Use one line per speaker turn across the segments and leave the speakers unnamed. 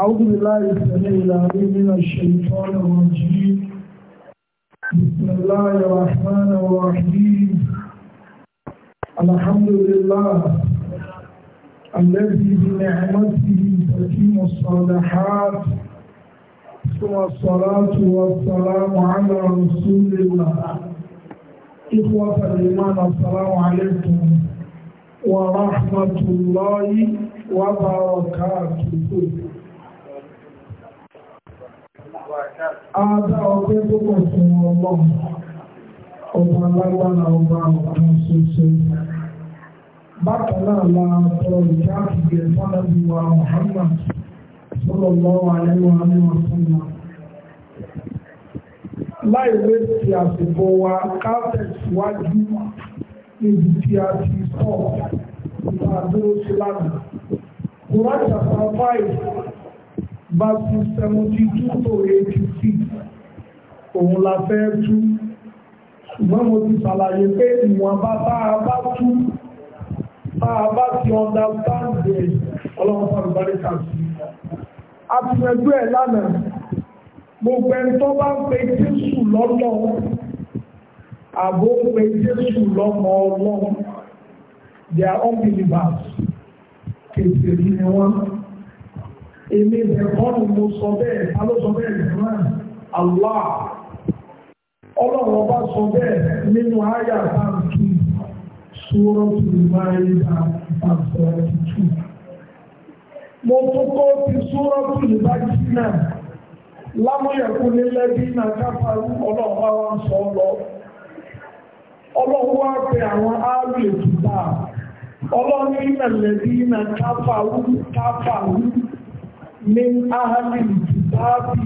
أعوذ بالله السميع العليم من الشيطان الرجيم بسم الله الرحمن الرحيم الحمد لله الذي بنعمته تتم الصالحات ثم الصلاة والسلام على رسول الله إخوة الإيمان السلام عليكم ورحمة الله وبركاته Adá ọgbẹ́ púpọ̀ fún ọlọ́run, ọba alágbára ọba ọ̀kan ṣoṣo. Bákan náà tọ ìjà àkìgbẹ̀ fọ́nàbí wa Muhammad sallallahu alaihi wa sallam. Láìwé ti àsìkò wa ká tẹ̀síwájú níbi tí a ti sọ̀ ìgbà five verses seventy two to eighty òun la fẹ́ tú ṣùgbọ́n mo ti ṣàlàyé pé ìwọ̀nba tá a bá tú tá a bá ti understand ẹ̀ ọlọ́run sọ̀rọ̀ bá lè kà sí. a ti rẹ̀jú ẹ̀ lánàá gbogbo ẹni tó bá ń pe Jésù lọ́lọ́ àbò ń pe Jésù lọ́mọ ọlọ́run they are unbelievers kèsì ni wọ́n. èmi ìbẹ̀kọ́nù mo sọ bẹ́ẹ̀ ta ló sọ bẹ́ẹ̀ jẹ́mọ́ Allah ọlọ́run ọba sọ bẹ́ẹ̀ nínú àyà báńkì sọ́rọ́ tó máa ń yá ìbáṣọ tuntun mo tún kó ti sọ́rọ́ tó lè bá jí náà lámúyẹ̀kú nílẹ̀ bí náà ọlọ́run bá sọ lọ ọlọ́run wá àwọn áàlù ètùtà ọlọ́run ìmẹ̀lẹ̀ bí náà من أهل الكتاب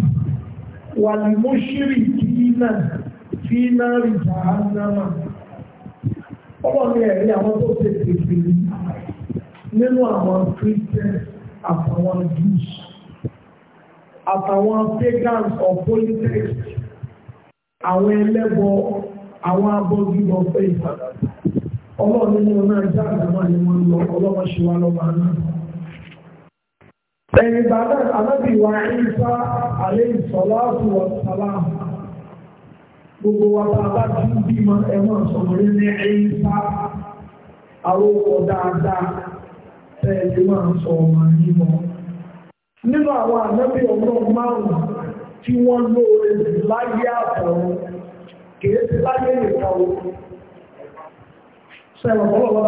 والمشركين في نار جهنم ọlọ́run ẹ̀rí àwọn tó ṣe pèsè ní nínú àwọn christians àtàwọn jews àtàwọn pagans of polytheists àwọn ẹlẹ́bọ àwọn abọ́gibọ̀ faith ọlọ́run nínú náà jáde máa ní wọ́n lọ ọlọ́run ṣe wá lọ́wọ́ náà. Ẹ̀yìn ìgbà náà, wa Ìsá alayhi salatu wa salam. Gbogbo wa bá bá ti ń bímọ ẹ̀wọ̀n sọ̀rọ̀ ní Ìsá. Àwòkọ̀ dáadáa tẹ́ẹ̀lì máa ń sọ ọmọ yìí Nínú àwọn Ànábì ọlọ́run márùn-ún tí wọ́n lóore láyé àtọ̀run kìí ti láyé nìkan o. gbogbo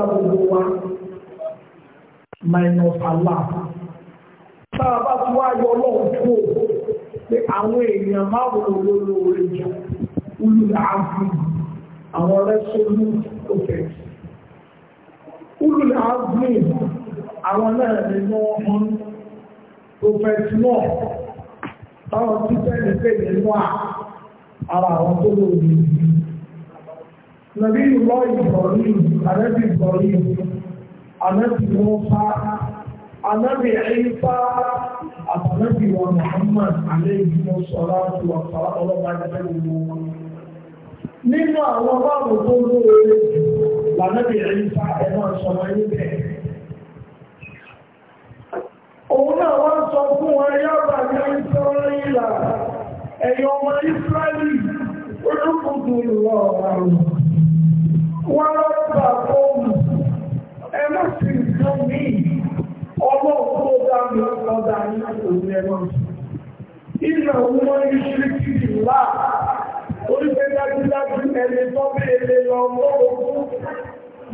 wa minus táà bá tí wá yọ ọlọ́run tó o pé àwọn èèyàn máa wò lóore jù olùlàáfù àwọn resolute prophet olùlàáfù àwọn náà ni wọ́n mọ́ prophet náà táwọn títẹ́ ní pé nínú à ara àwọn tó lóore nàbí ìlọ ìbọ̀rí àrẹ́bí ìbọ̀rí àrẹ́bí wọn sáà anábì ẹ̀yífá àtànábì wa Muhammad aléyìí mọ́ sọ́lá tó wà fara ọlọ́ba jẹ́ gbogbo wọn. nínú àwọn báwo tó lóore lànàbì ẹ̀yífá ẹ̀ máa sọ̀rọ̀ yín bẹ́ẹ̀. òun náà wá sọ fún wọn yábà ní ìsọ́rọ̀ ìlà ẹ̀yọ́ ọmọ Ísírẹ́lì olókùnkù lọ àrùn wọn lọ́ọ́ bà fóònù ẹ má sì ń tún míì lọ́wọ́ dáa ní òun ẹ̀mọ́. Ìgbà òun wọ́n ní ṣíríkì ìlà oríṣẹ́ dájúdájú ẹni tó bí ele lọ lọ́wọ́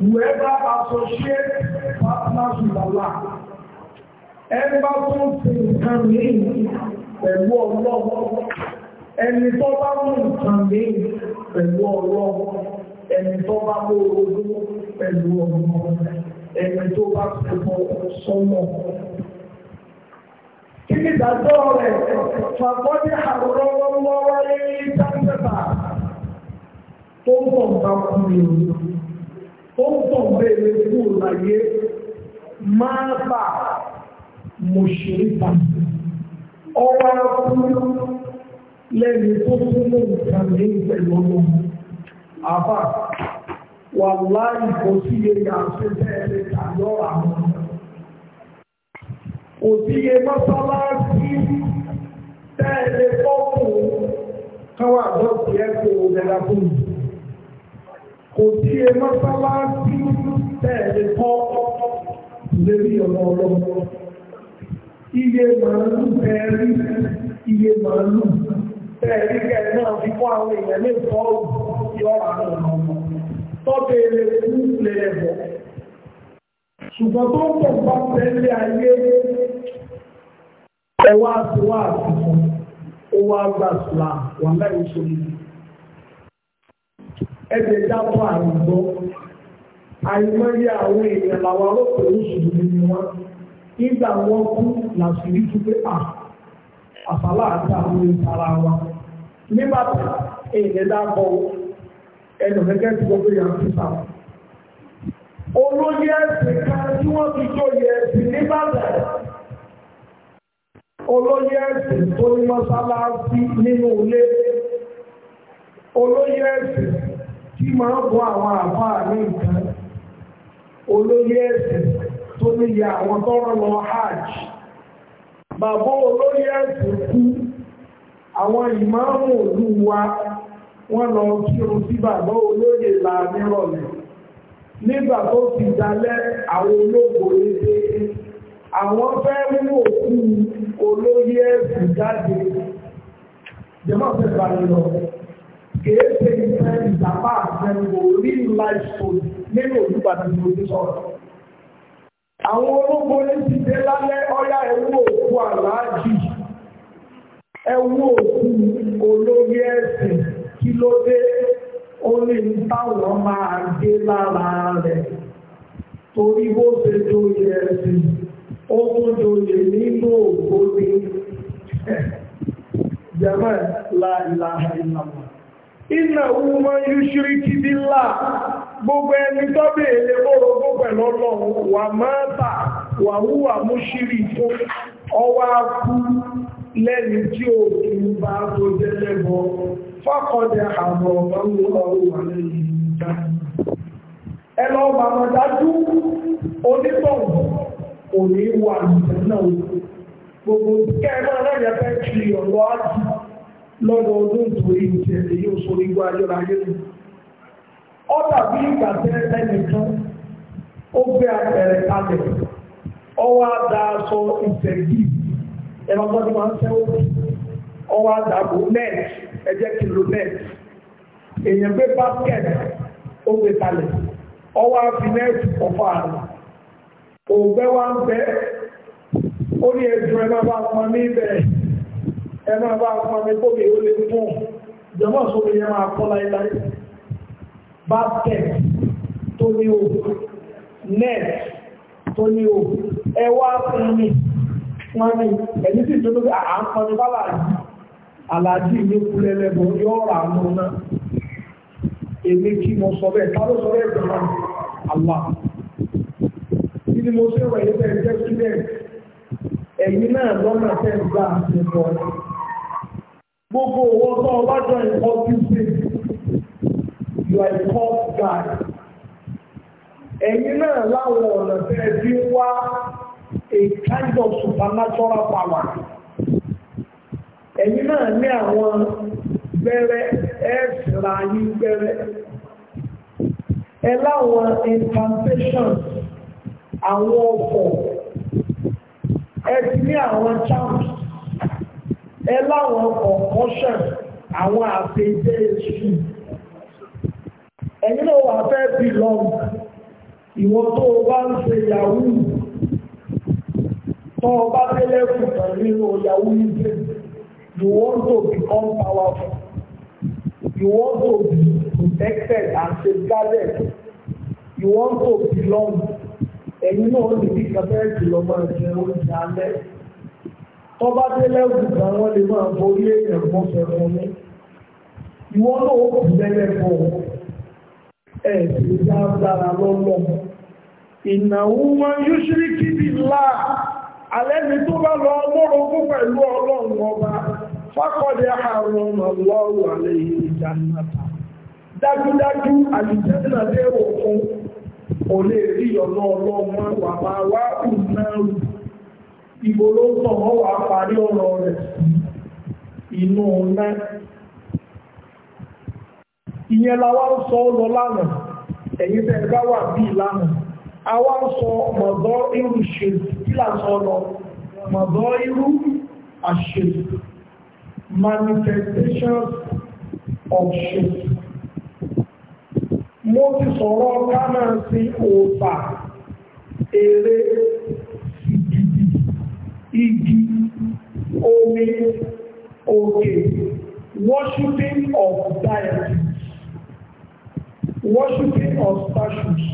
whoever associate partners with Allah. Ẹni bá tó ń fi nǹkan mìíràn pẹ̀lú ọlọ́wọ́. Ẹni tó bá mú nǹkan mìíràn pẹ̀lú ọlọ́wọ́. Ẹni tó bá mú orogún pẹ̀lú ọlọ́wọ́. Ẹni tó bá fẹ́ fọ́ sọ́nà kí ni ìdájọ́ rẹ̀ fàkọ́dé àrùrọ̀ lọ́wọ́ ní sáńtẹ́fà tó ń tọ̀ bá kú ni o tó ń tọ̀ béèrè kú láyé máa bà mùsùlùmí ọwọ́ kúrú lẹ́ni tó kúrú nǹkan ní pẹ̀lú ọmọ àbá wà láì kò sí iye yàtọ̀ bẹ́ẹ̀ lè tà àwọn ọmọ òbíye mọ́sálásí tẹ́ẹ̀lẹ́ pọ́pù káwà lọ́sí ẹ̀kọ́ òbẹ̀rẹ̀ fún òbíye mọ́sálásí tẹ́ẹ̀lẹ́ pọ́pù lórí ọ̀nà ọlọ́mọ iye màálù tẹ́ẹ̀rí iye màálù tẹ́ẹ̀rí kẹ́ẹ̀ náà fi kọ́ àwọn èèyàn lè fọ́ òbí àwọn ọmọ tọ́bẹ̀ẹ́lẹ́ fún lẹ́lẹ́bọ̀ọ́ ṣùgbọ́n tó ń pọ̀ bá tẹ́lẹ̀ ayé ẹwà àtiwá àtìfún owó àgbà ìsìlá wà láì sórí ẹgbẹ́ dápọ̀ àrùgbọ́ àìmọye àwọn èèyàn làwọn arọ́pọ̀ oṣù ní wọn nígbà wọn kú làṣírí tún pé à àfàlà àti àwọn ìtara wa nígbà èèyàn dápọ̀ ẹnu gẹ́gẹ́ tí wọ́n gbé yàrá fífà olóyè ẹ̀sìn ká Níbàdàn olóyè ẹ̀sìn tó ní mọ́sálásí nínú ilé olóyè ẹ̀sìn tí máa ń bọ́ àwọn àfáà ní nǹkan olóyè ẹ̀sìn tó ní ya àwọn tọ́rọ lọ hajj bàbá olóyè ẹ̀sìn kú àwọn ìmáàmù òlú wa wọ́n lọ kírun sí bàbá olóyè la nígbà tó ti dalẹ́ àwọn olóògbò ní déédéé àwọn fẹ́ mú òkú olóyè ẹ̀sùn jáde jẹ́mọ́ fẹ́ bá lọ kìí ìfẹ́ ìjàmbá àfẹ́wò real life story nínú olùgbàdàn ní ojú sọ̀rọ̀. àwọn ológun ní ti dé lálẹ́ ọ̀yá ẹ̀wú òkú àlájì ẹ̀wú òkú olóyè ẹ̀sìn kí ló dé ó ní táwọn máa gé lára rẹ̀ torí bó ṣe tó yẹ ẹ̀sìn. ó tún doyè nínú ògbóni jẹ́mẹ́ la ilaha illallah iná wúmọ́ yúṣírí kí là gbogbo ẹni tó bèèrè gbogbo pẹ̀lú ọlọ́run wà mọ́ta wà mú ṣírí fún ọwá kú lẹ́ni tí ó kí ń bá tó jẹ́ kò ní wà nìkan náà gbogbo kẹ́ẹ̀mọ́ aláìyá fẹ́ kiri ọ̀rọ̀ ájì lọ́dọ̀ ọdún torí ìjẹ́ èyí ò sórí igbó ayọ́ra ayé nù ọ dàbí ìgbà tẹ́ ẹnìkan ó gbé apẹ̀rẹ̀ kalẹ̀ ọwọ́ àdá aṣọ ìtẹ̀gì ẹ̀rọ ọmọdé máa ń sẹ́wọ́ ọwọ́ àdá bò net ẹ̀jẹ̀ kìlò net èèyàn gbé basket ó gbé kalẹ̀ ọwọ́ àfi net ọ̀fọ̀ àrùn òǹgbẹ́ wá ń bẹ́ ó ní ẹ̀dùn ẹ máa bá pọn ní ibẹ̀ ẹ máa bá pọn ní kóbi ó lè mú ìjọba òṣòro yẹn máa láíláí basket tó ní o net tó ní o ẹ wá pọn ẹni sì tó ní à ń pọn ní ní ni mo ṣe wà yìí bẹ́ẹ̀ jẹ́ sílẹ̀ ẹ̀yin náà lọ́nà tẹ́ ń gbà àṣepọ̀ gbogbo owó tó ọwájọ ìkọ́ bíbí you are a tough guy ẹ̀yin náà láwọn ọ̀nà tẹ́ fi wá a kind of supernatural power ẹ̀yin náà ní àwọn bẹ̀rẹ̀ ẹ̀ẹ́sì ra yín bẹ̀rẹ̀ ẹ láwọn incantations àwọn ọkọ̀ ẹ ti ní àwọn champs ẹ láwọn concussion àwọn àpèjẹ èṣù ẹ̀yin náà wà fẹ́ bí lọ́n ìwọ́n tó o bá ń ṣe yahoo tó o bá délẹ̀ kù pẹ̀lú nínú yahoo nígbè you want to become powerful you want to be protected and safeguarded you want to belong. ẹ̀yin náà ó lè ní kẹfẹ́ jùlọ máa jẹ oúnjẹ alẹ́ tó dé lẹ́wù gan lè máa borí èèyàn kan fẹ̀fọn ní ìwọ náà ó kù lẹ́lẹ́fọ̀ ẹ̀ sì já dára lọ́lọ́ ìnáwó kíbi ńlá alẹ́ mi tó bá lọ ọlọ́run pẹ̀lú ọlọ́run ọba àrùn ọlọ́run àlẹ́ kò lè rí ọ̀nà ọlọ́mọ wà máa wá kù náà rù ibo ló ń tàn wọ́n wà parí ọ̀rọ̀ rẹ̀ inú ọ̀nà ìyẹn la ń sọ ọ́ lọ lánàá tẹ́ ẹ wà bíi lánàá a ń sọ mọ̀dọ́ irú ṣe kí là ń mọ̀dọ́ irú àṣe manifestations of shape mo ti sọ̀rọ̀ ká máa sin òòfà eré igi omi òkè worshiping of deities worshiping of statues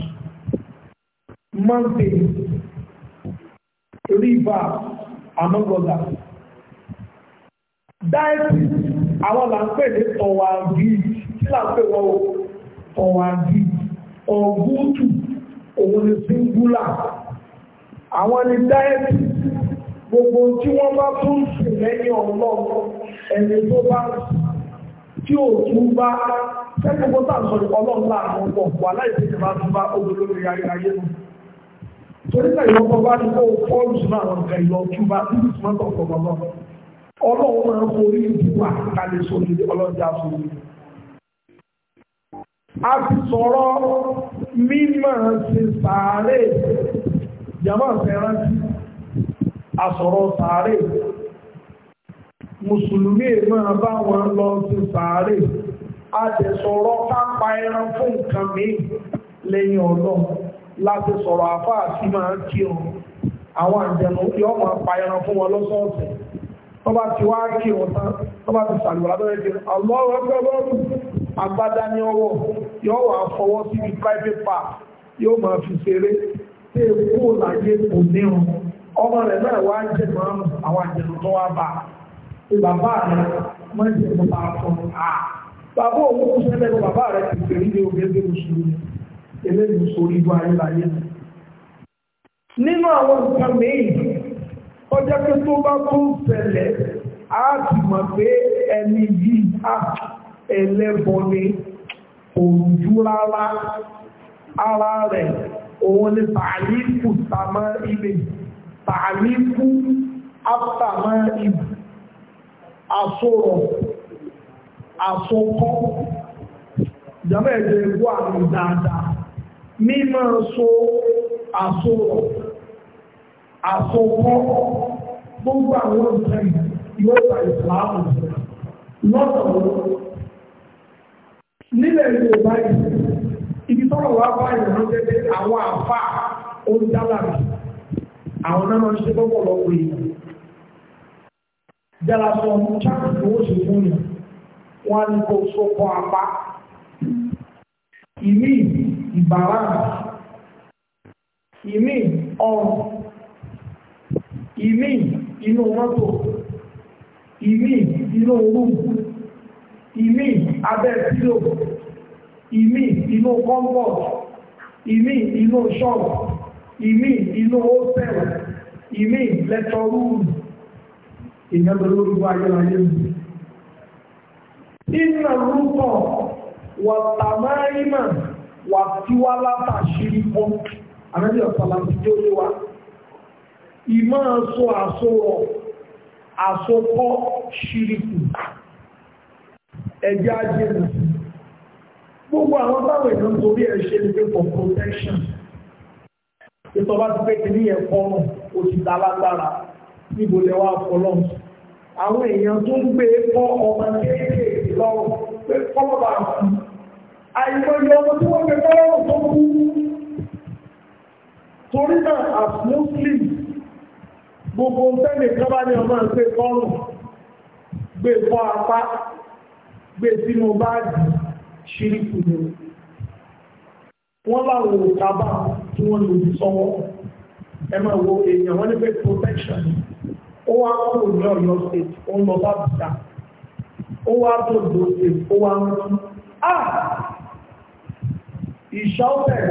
mountains rivers among others deities àwọn là ń pè ní tọ̀wà gíì là ń pè wọ́n o ọ̀wàdì ọ̀gútù òun ni síngúlà àwọn ni dáẹ́tì gbogbo tí wọ́n bá tún sìn lẹ́yìn ọlọ́run ẹni tó bá tí ò tún bá sẹ́gbogbo tá à ń sọ ọlọ́run láàrin ọgbọ̀ wà láìsí ti bá tún bá olólórí ayé nù torí náà ìwọ́n bá ní kó fọ́ọ̀lù sínú àwọn nǹkan ìlọ tún bá níbi tí wọ́n tọ̀ ọ̀pọ̀ ọlọ́run máa ń forí ìdíwà kálẹ̀ sórí a ti sọ̀rọ̀ mímọ̀ sí sàárè jàmọ́ fẹ́rántí àsọ̀rọ̀ sàárè musulmi máa bá wọn lọ sí sàárè a ti sọ̀rọ̀ kápa ẹran fún nǹkan mi lẹ́yìn láti sọ̀rọ̀ àfáà sí máa kí ọ àwọn àjẹ̀nù yọ́ máa pa fún wọn lọ́sọ̀ọ̀sẹ̀ ti wá kí ọ tán ti agbádá ní ọwọ́ yóò wà fọwọ́ sí ní private park yóò máa fi ṣeré tí èkó láyé kò níhun ọmọ rẹ̀ náà wá jẹ máa ń àwọn àjẹ̀lú tó wá bá bàbá rẹ̀ máa jẹ kó bá fún un à bàbá òun kú sẹ́lẹ̀ kó bàbá rẹ̀ ti fèrè ní oge ẹgbẹ́ mùsùlùmí eléyìí sórí ibú ayé láyé nínú àwọn nǹkan mìíràn ọjọ́ pé tó bá tó ń ṣẹlẹ̀ á ti mọ̀ pé ẹni yìí á ẹlẹ́bọ ni òrùjú rárá ara rẹ̀ òun ni tààlíkù sàmọ́ ilé tààlíkù ápàmọ́ ibù àsọ̀rọ̀ àsọkọ́ ìjọba ẹ̀jẹ̀ ẹ̀kọ́ àrùn dáadáa mímọ́ so àsọ̀rọ̀ àsọkọ́ gbogbo àwọn ìtàn yóò ta ìsìláàmù lọ́tọ̀ọ̀tọ̀ nílẹ̀ èdè báyìí ibi tọ́rọ̀ wá bá ìrìnà tẹ́tẹ́ àwọn àfà oúnjẹ́lára àwọn náà máa ń ṣe pọ́pọ̀ lọ́pọ̀ èèyàn dára sọ cháàkì tó ó sì fún yàn wọ́n á ní kó sókọ apá ìmí ìbàrá ìmí ọrùn ìmí inú mọ́tò ìmí inú rúùmù ìmí abẹ́ pílò ìmí inú comfort ìmí inú shop ìmí inú hostel ìmí lecture room ìyẹn lórí ayérayé mi. Iná rúbọ̀ wà tàmáìmà wà tíwá látàṣírí pọ́n. Àrẹ́bí ọ̀sán láti jó lé wa. Ìmọ̀ sọ àsọ̀rọ̀ àsopọ̀ ṣíríkù ẹjẹ́ ajẹ́nà gbogbo àwọn báwọn èèyàn torí ẹ̀ ṣe ní for protection ìtọ́ba ti pé kí ní ẹ̀kọ́ òṣìṣẹ́ alágbára níbo lẹ́wọ́ àfọlọ́n àwọn èèyàn tó ń gbé kọ́ ọmọ kéékèèké lọ́wọ́ pé kọ́lọ́bà kú àìmọye ọmọ tí wọ́n gbé kọ́lọ́bà tó kú torí náà as muslim gbogbo ń tẹ́lẹ̀ kábàámi ọmọ àti ẹ̀kọ́ ọ̀rùn gbé kọ́ apá gbé tí mo bá dì ṣíríkù ni wọ́n láwọn òtàbà tí wọ́n lò ní sọ́wọ́ ẹ máa wo èèyàn wọ́n ní pé protection ó wá kúrò ní Ọ̀yọ́ state ó ń lọ bá bùtà ó wá tó lò state ó wá ń tún ah ìṣọ́fẹ̀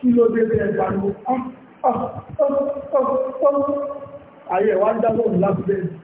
kí ló dé bẹ́ẹ̀ pariwo ah ah ah ah, ah! ayé wa ń dá lóhùn lábẹ́ bẹ́ẹ̀.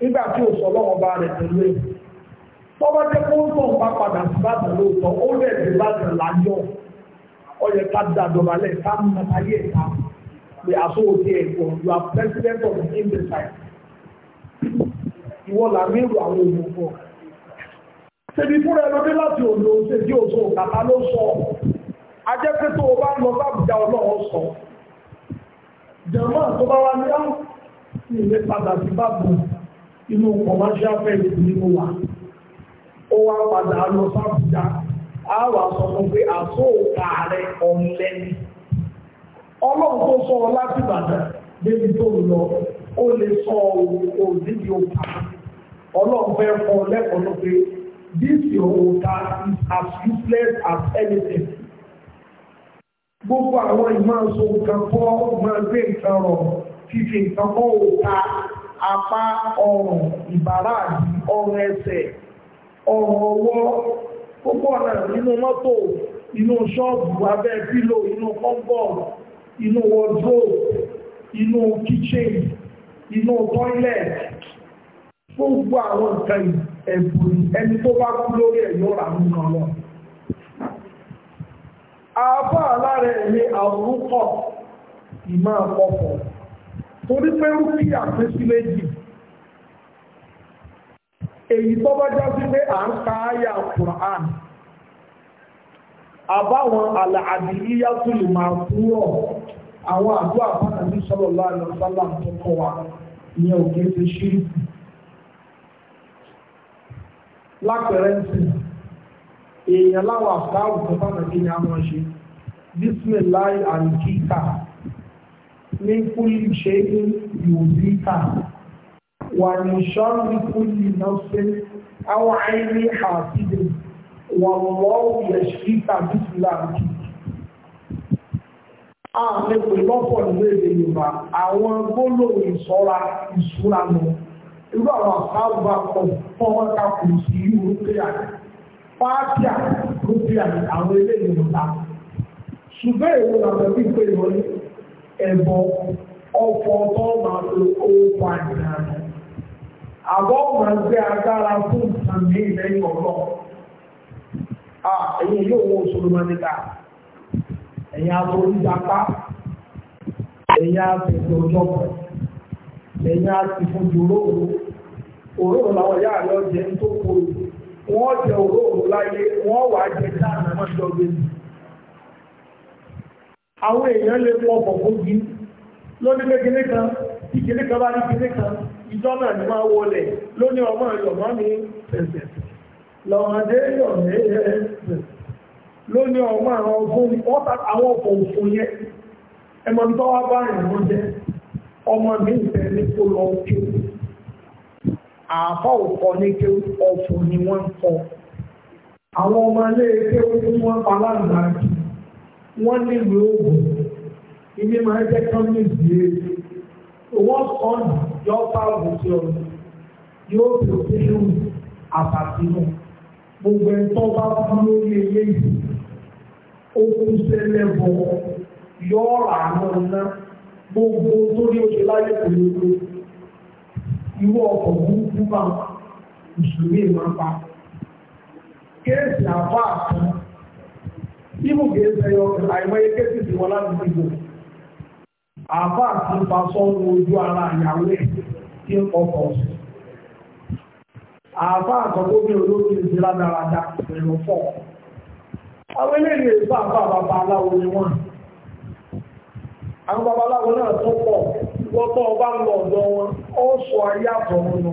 nígbà tí òsọ lọ́wọ́ bá rẹ̀ pẹ̀lú ẹ̀ tọ́wọ́ jẹ́ kó ń tọ̀ ń bá padà sí bàtà lóòótọ́ ó rẹ̀ sí bàtà láyọ̀ ọyẹ ká da dọ̀bálẹ̀ ká mú ayé ẹ̀ka pé àsòwòtí ẹ̀kọ́ you are president of the independent ìwọ làmì ìlú àwọn òmùfọ́ ṣèbí fúnra ẹlòmí láti òdo ṣe bí òṣò kàtà ló sọ ajẹ́pẹ́ tó o bá ń lọ sábùjá ọlọ́run sọ jẹ̀mọ́ tó bá wá ní àwọn ìlé padà sí bàbá inú commercial fẹ́ẹ̀lì ní mo wà ó wá padà lọ sábùjá á wà sọ fún pé àsóòkà rẹ ọ̀lẹ́ni ọlọ́run tó sọ ọ láti Ìbàdàn débi tó lọ lè sọ òkò níbi òkà ọlọ́run fẹ́ kọ lẹ́kọ̀ọ́ pé this is as useless as anything gbogbo àwọn ìmọ̀ máa gbé nǹkan rọ̀ fífi nǹkan òkà. apá ọrùn ìbàrá àti ọrùn ẹsẹ̀ ọrùn ọwọ́ púpọ̀ náà nínú mọ́tò inú ṣọ́ọ̀bù abẹ́ pílò inú kọ́ńbọ̀ọ̀lù inú wọ́dúrò inú kíchìn inú tọ́ílẹ̀t gbogbo àwọn nǹkan ẹ̀bùn ẹni tó bá kú lórí ẹ̀ yóò rà mú kan lọ. àbá alára ẹ̀ ní àwòrúkọ ìmọ̀ àpọ̀pọ̀ torí pé rúkì àpèsí méjì èyí tó bá já sí pé à ń ka àyà Qur'an àbáwọn àlàábí yíyá tó lè máa kúrò àwọn àdúrà bánà ní sallallahu alaihi wasallam tó kọ́ wa ní òkè ti ṣírìkù lápẹ̀rẹ̀ ń sìn èèyàn láwọn àfáà òkú bánà kí ni a máa ṣe bísmìláì àríkíkà ní kúlì ṣe é yòóbí kà wà ní sọ́ọ̀rì kúlì náà ṣe àwọn àìní àbídè wà lọ́wọ́ yẹ̀ sí tàbí síláàbí. Àmì pè lọ́pọ̀ ìlú èdè Yorùbá, àwọn gbólóhùn ìṣọ́ra ìṣúra lọ. Irú àwọn àbáwá kan fún wọn ká kò sí Rúpíà. Fáàkìá Rúpíà àwọn ilé ìwòta. Ṣùgbọ́n èrò làbẹ̀ wípé ìwọlé. ẹbọ ọ̀pọ̀ ọ̀tọ̀ máa lo orúkọ àjànà àbọ̀ máa gbé agbára fún nǹkan ní ìlẹ́yìn ọ̀rọ̀ ẹ̀yìn yóò wọ òṣèlú ka. níta ẹ̀yìn aboríjàpá ẹ̀yìn àtẹ̀tẹ̀ ọjọ́ pẹ̀ ẹ̀yìn àtìfojúró òróró ọ jẹ jẹ àwọn èèyàn lè pọ̀ pọ̀ gbógi lóní pé kìíní kan ìkìíní kan bá ní kìíní kan ìjọ náà ni máa wọlé lóní ọmọ ìyọ̀mọ́ mi pẹ̀sẹ̀ lọ́mọdé yọ̀mẹ́ lóní ọmọ àwọn ọgbọ́n àwọn ọkọ̀ òfin yẹn ẹmọ tó wá bá ìrìnàmọ́ jẹ ọmọ mi ìfẹ́ ní kó lọ kí àbá ni wọ́n kọ àwọn ọmọ ilé ẹgbẹ́ wọn pa láǹdà kìí wọ́n nílò oògùn ibi máa ń jẹ́ companies yìí owó ọ̀nà yọ bá oògùn sí ọ̀nà yóò fi òṣèlú àbàtì náà gbogbo ẹ̀ tó bá fún lórí eléyìí okùn sẹ́lẹ̀ bọ̀ yọ ọ̀rọ̀ àná náà gbogbo torí oṣù láyé kò ló ló irú ọkọ̀ burúkú bá mùsùlùmí máa pa kéèsì àbá àtúntò. Ibu ga-eze ya ọkụ àìmọye kéfìsì wọn láti dìbò. Àbá àti ìfàsọ́nù ojú ara ìyàwó ẹ̀ tí ń kọkọ̀ sí. Àbá àtọ̀gbọ́gbẹ́ olóògbé ti ládáradá pẹ̀lú fọ́. Àwọn eléyìí èso àbá bàbá aláwo ni wọn, ó sọ ayé àtọ̀ wọn lọ.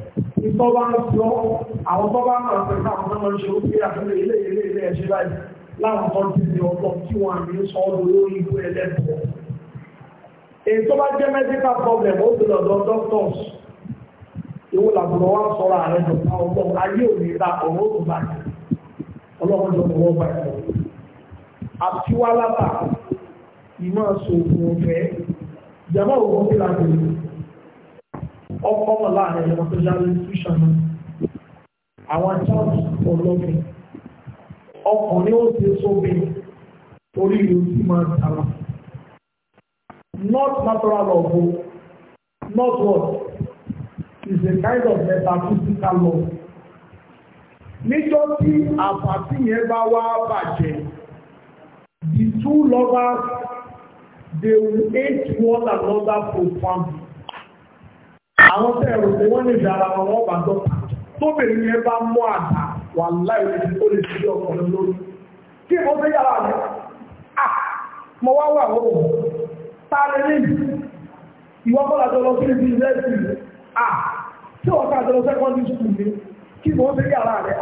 ìtọ́ bá ń sọ àwọn tó bá máa pẹ̀lú àwọn tó máa ń ṣe ó pé àfẹ́lẹ̀ ilé ilé ilé ẹ̀ṣẹ́ báyìí láwọn tó ti di ọ̀pọ̀ kí wọ́n àmì ń sọ ọdún lórí ikú ẹlẹ́tọ̀ọ́. èyí tó bá jẹ́ medical problem ó ti lọ́dọ̀ doctors ìwọ làbùrọ̀ wá sọ̀rọ̀ ààrẹ dọ̀tà ọgbọ́n ayé òní ta ọ̀rọ̀ òkú báyìí ọlọ́run jọ wọ́n báyìí. àtiwálábà ìmọ̀ àṣọ òkú ọ̀fẹ́ jàmọ́ òkú kí ọkọ̀ wọn láàrin ẹ̀yọ́ tó yá institution náà àwọn church olóbìn ọkùnrin ó ti sóbìn torí ìlú tí máa tààrà not natural law o not what is a kind of metaphysical law níjọ́ tí àpàtì yẹn bá wá bàjẹ́ the two lovers they will hate one another profoundly àwọn tẹ́ẹ̀rù tí wọ́n lè dára wọn wọ́n bá tọ́ tóbìnrin yẹn bá mú àdá wà láì ó lè fi ọkùnrin lórí kí wọ́n fẹ́ yàrá rẹ̀ mo wá wà wọ́n ta lè ní ìwọ́n bọ́lá jọ lọ sí ibi ìrẹsì tí wọ́n ká jọ lọ sẹ́kọ́ndì skul ni kí wọ́n fẹ́ yàrá rẹ̀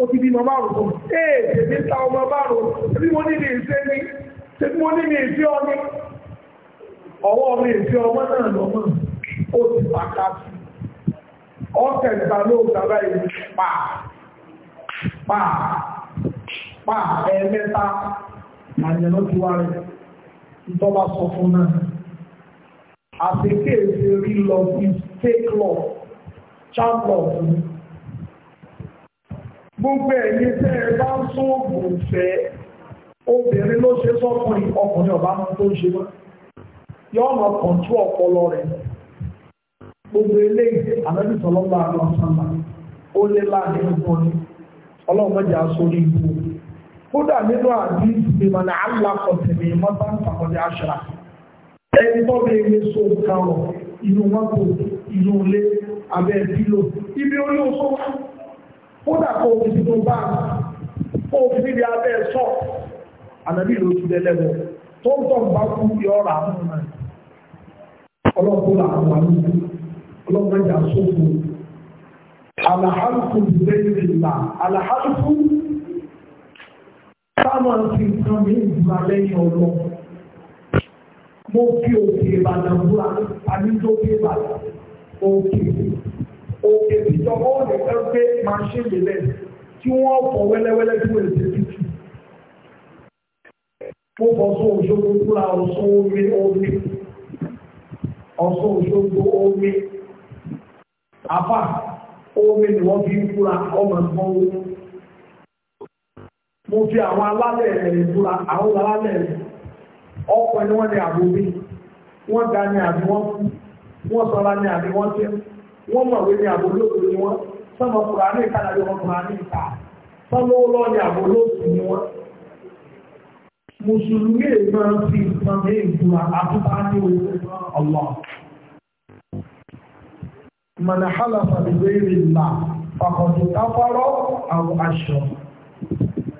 ó ti bí mọ márùn-ún ee èmi ta ọmọ márùn-ún ṣebí mo ní ní ìṣe ní ṣebí mo ní ní ìṣe ọmọ ọwọ́ mi ìṣe ọmọ náà lọ́mọ ó ti pàkà sí ọ̀tẹ̀ ìgbà lóò dára ìlú pa pa pa ẹ̀ẹ́mẹ́ta àyẹ̀lọ́ ti wá rẹ̀ ìtọ́ba sọ fún náà àtẹ̀kẹ́ èsì rí lọ is take law child law ni gbogbo ẹ̀yin tẹ́ ẹ bá ń sún òògùn fẹ́ obìnrin ló ṣe sọ́kùnrin ọkùnrin ọ̀bá tó ń ṣe wá yọ ọ̀nà kọ̀ǹtú ọpọlọ rẹ̀ gbogbo eléyìí ànábì sọlọ́lá àlọ́sánà ó lé láàrin ọgbọ́n ní ọlọ́run mẹ́jọ aṣọ́rí ibú kódà nínú àbí ní ń aṣọra ẹni tó bẹ so nǹkan rọ inú mọ́tò inú ilé abẹ́ pílò ibi orí oṣù kódà kó o fi tó bá kó o fi níbi sọ ànábì ló ti dẹ́lẹ́wọ̀ tó ń tọ̀ bá kú yọ ọlọ́mọdé àsófò alahalifu ìgbẹ́yìnlá alahalifu táwọn ti kan ní ìgbà lẹ́yìn ọlọ́ mo fi òkè ìbàdàn búra àníjókè ìbàdàn òkè òkè ìjọba ó lè fẹ́ gbé máṣíìnì lẹ̀ tí wọ́n fọ̀ wẹ́lẹ́wẹ́lẹ́ tí wọ́n èsì tútù mo fọ̀ sọ òṣogbo búra ọ̀sán omi omi ọ̀sán òṣogbo omi apa omi ni wọ́n fi ń fúra ọmọ ẹ̀gbọ́n owó mo fi àwọn alálẹ̀ rẹ̀ fúra àwọn alálẹ̀ rẹ̀ ọkọ̀ ni wọ́n ní àbòmí wọ́n ga ni àbí wọ́n kú wọ́n sọ́ra ni àbí wọ́n tẹ́ wọ́n mọ̀wé ni àbòmí òkú ni wọ́n sọ́mọ fúra ní ìkàlà bí wọ́n fúra ní ìta sọ́mọ lọ́ ni àbòmí òkú ni wọ́n mùsùlùmí èèyàn fi ìtàn ní ìfúra àtúbá ní orí ọlọ́ọ̀ mana halafa bighairi Allah faqad kafara aw ashrak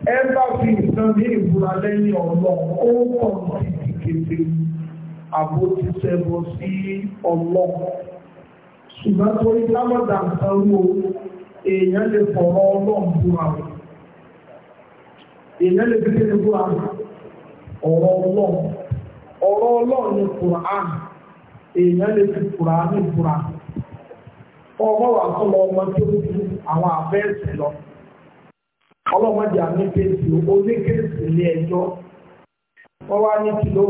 ẹ bá fi nǹkan lẹ́yìn ọlọ ó pọ̀ sí ìkété àbó ti sí ọlọ́run ṣùgbọ́n torí lámọ̀dà nǹkan wo èèyàn ọlọ fọ̀rọ̀ ọlọ́run ọlọ ọmọ wà tó lọ ọmọ tó ń ju àwọn àfẹ́ẹ̀sì lọ ọlọ́mọdé àmì kéèsì ẹjọ́ wọ́n wá ní sínú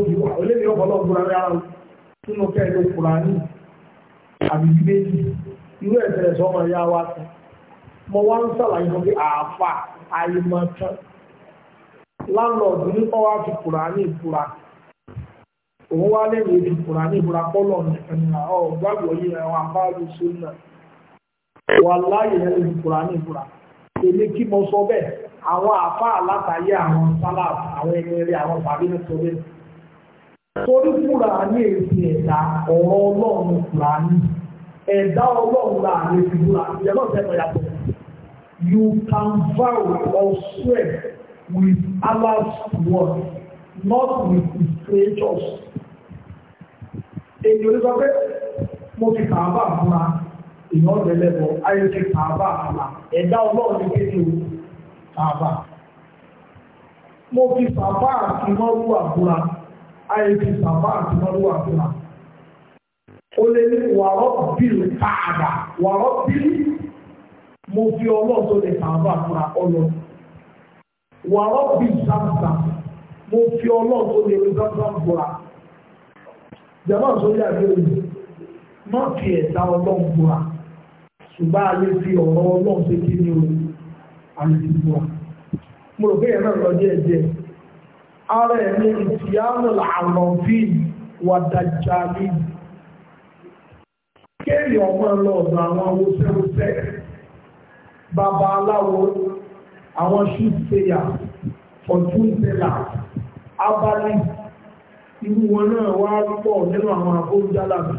kùránì àbí méjì irú ẹ̀sẹ̀ ya sí mo wá ń sàlàyé fún mi àáfà àyèmọ̀tán láńlọ́ọ̀dù ní kọ́ wá fi kùránì òun wá lẹ́yìn pọ́lọ̀ nìkan ní àbáwọ̀ wà láyé ẹni ìfura ní ìfura èmi kí mo sọ bẹ́ẹ̀ àwọn àfa àlàtàyé àwọn sálàf àwọn ẹni rẹ àwọn tàbí ní sọ torí fúra ní èsì ẹ̀dá ọ̀rọ̀ ọlọ́run fúra ní ẹ̀dá ọlọ́run là ní fúra ìyẹ́nà sẹ́nu yàtọ̀ you can vow or swear with Allah's word not with his creatures èyí ò ní sọ pé mo fi kàá bá fúra. èèyàn lẹ́lẹ́bọ̀ ayéṣe kàábà àlà ẹ̀dá ọlọ́run ní kéde o kàábà. mo fi sàfà àti mọ́rú àbúrà ayéṣe sàfà àti mọ́rú àbúrà. ó lé ní wàrọ́ bíi kàábà wàrọ́ bíi mo fi ọlọ́run tó lè kàábà àbúrà ọlọ́run. wàrọ́ bíi sàmsà mo fi ọlọ́run tó lè sàmsà má fi ẹ̀dá ọlọ́run búra. ṣùgbọ́n a lè fi ọ̀rọ̀ ọlọ́run ṣe kí ni o àlùfíwà mo rò pé ẹ̀rọ ìrọ̀ díẹ̀ díẹ̀ ara ẹ̀ ní ìtìyàmù làlọ́fì wà dàjàlì kéèyàn ọmọ lọ́ọ̀dọ̀ àwọn awosẹ́wosẹ́ bàbá aláwo àwọn ṣùgbẹ́yà fọ̀túnṣẹ́là abali irú wọn náà wá pọ̀ nínú àwọn abójálàbí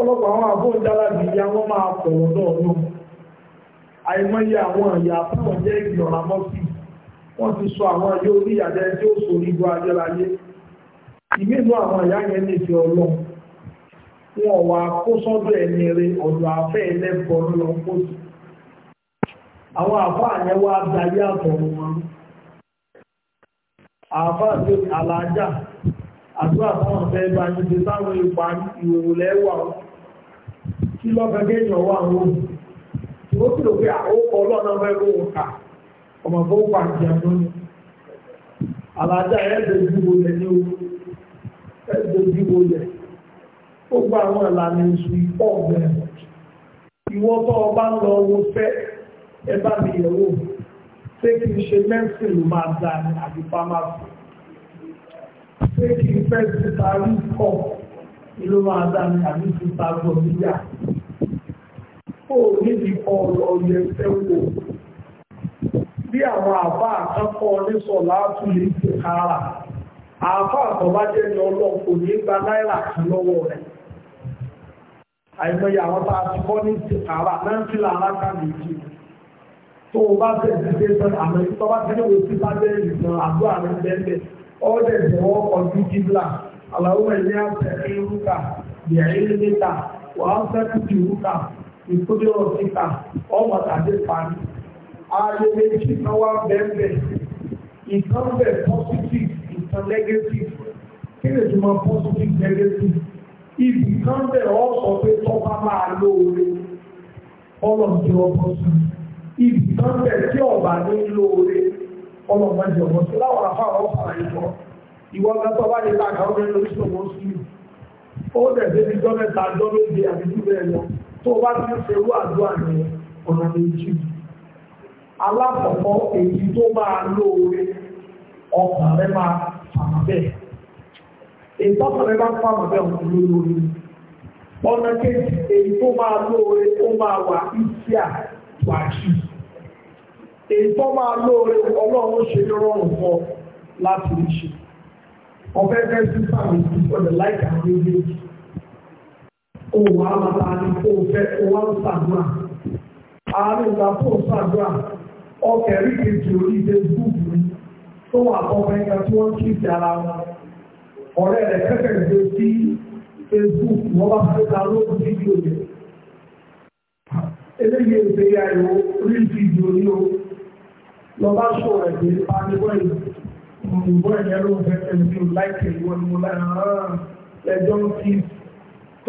ọ̀pọ̀lọpọ̀ àwọn àbóǹdálábì ya wọ́n máa pọ̀rọ̀ lọ́ọ̀lọ́ àìmọye àwọn ìyá fún jẹ́ ìgbìyànjú mọ́sí wọ́n ti sọ àwọn ayé orí ìyàjẹ́ tí ó sọ orí gbọ́ ayérayé ìmínú àwọn ìyá yẹn nífẹ̀ẹ́ ọlọ́run wọn wà kó sọ́dọ̀ ẹni rẹ ọ̀dọ̀ afẹ́ ẹlẹ́bọ̀ lọ kó sí àwọn àfáà yẹn wá darí àtọ̀rọ̀ wọn àfáà tó alájà àdúrà táwọn fẹ́ bá yín ti sáwọn ipa ìwòlẹ́wà wọn kí lọ́fẹ́ kéèyàn wà ń wò ó sì rò pé àkókò ọlọ́nà fẹ́ ló wò ká ọmọ tó wà ní àná ni alájà ẹ̀ẹ́dẹ̀ ìdíbò lẹ̀ ní owó ẹ̀ẹ́dẹ̀ ìdíbò lẹ̀ gbogbo àwọn ìlànà èṣù ìpọ̀ bẹ̀rẹ̀ ìwọ o bá ń lọ owó fẹ́ ẹ bá mi yẹ̀ wò ṣé kí n ṣe mẹ́sìn ló máa dà ní àbí pharmacy ṣé kí n fẹ́ ti ta rí kọ́ ló máa dà ní àbí ti ta gbọ̀ níyà. ó níbi ọ̀rọ̀ ọ̀yẹ̀ ẹ̀wò bí àwọn àbá àkọ́kọ́ oníṣọ̀ láàtú lè ṣe kára àbá àtọ́bá jẹ́ ní ọlọ́run ní gba náírà kan lọ́wọ́ rẹ̀ àìmọye àwọn bá a ti kọ́ ní ṣe kára náà o bá sí pé sọ àmọ́ ìtọ́ bá ti sí bá nìkan bẹ́ẹ̀ ọ̀dẹ̀ ọdún níta ìkúdúró títà ọmọ tàbí parí ààrẹ méjì kan wá bẹ́ẹ̀ ìkan bẹ̀ positive ìkan negative kí lè túmọ̀ positive negative ibì kan bẹ̀ ọ́ sọ pé tọ́ba máa lóore ọlọ́dún ọkọ̀ sí ibì kan bẹ̀ tí ọba ní lóore ọlọ́mọdé ọmọ sí láwọn afáwọn ọ̀sán ìfọ́ ìwọ gbẹ́tọ́ bá lè ta àkàwọn ẹni oríṣiríṣi ọmọ sí ó dẹ̀ débi jọ́ mẹ́ta jọ́ méje àbí jù bẹ́ẹ̀ lọ tó bá ti ṣe wú àdúrà ní ọ̀nà méjì alákọ̀ọ́kọ́ èyí tó máa lóore ọkàn rẹ máa fàmà bẹ́ẹ̀ èyí tọ́kàn rẹ máa fàmà bẹ́ẹ̀ ọ̀nà lóore ọ̀nà kejì èyí tó máa lóore ó máa wà ìsíà wájú èyí tó máa lóore ọlọ́run ṣe rọrùn fún ọ láti rí ṣe ọ̀fẹ́ fẹ́ sí sàmì ìfọ̀dẹ̀ láìka méjèèjì òwò àmàta ni kò fẹ́ òwò àmàtàdúrà ààrẹ ìgbà tó ń sàdúrà ọkẹ̀ rí kejì orí facebook mi tó wà tọ́pẹ́ ẹ̀ka tí wọ́n kí ìjà ara wọn ọ̀rẹ́ rẹ̀ kẹ́kẹ́ gbé sí facebook wọ́n bá fẹ́ ta lóògùn fídíò yẹn eléyìí èdè ya ìwò rí fídíò yìí o lọ́ba sọ rẹ̀ dé pariwọ́ ìbọn ìyẹn ló ń fẹ́ tẹ̀lé mi ò láìpẹ́ ìwọ ni mo láì ah, ẹjọ́ ń kí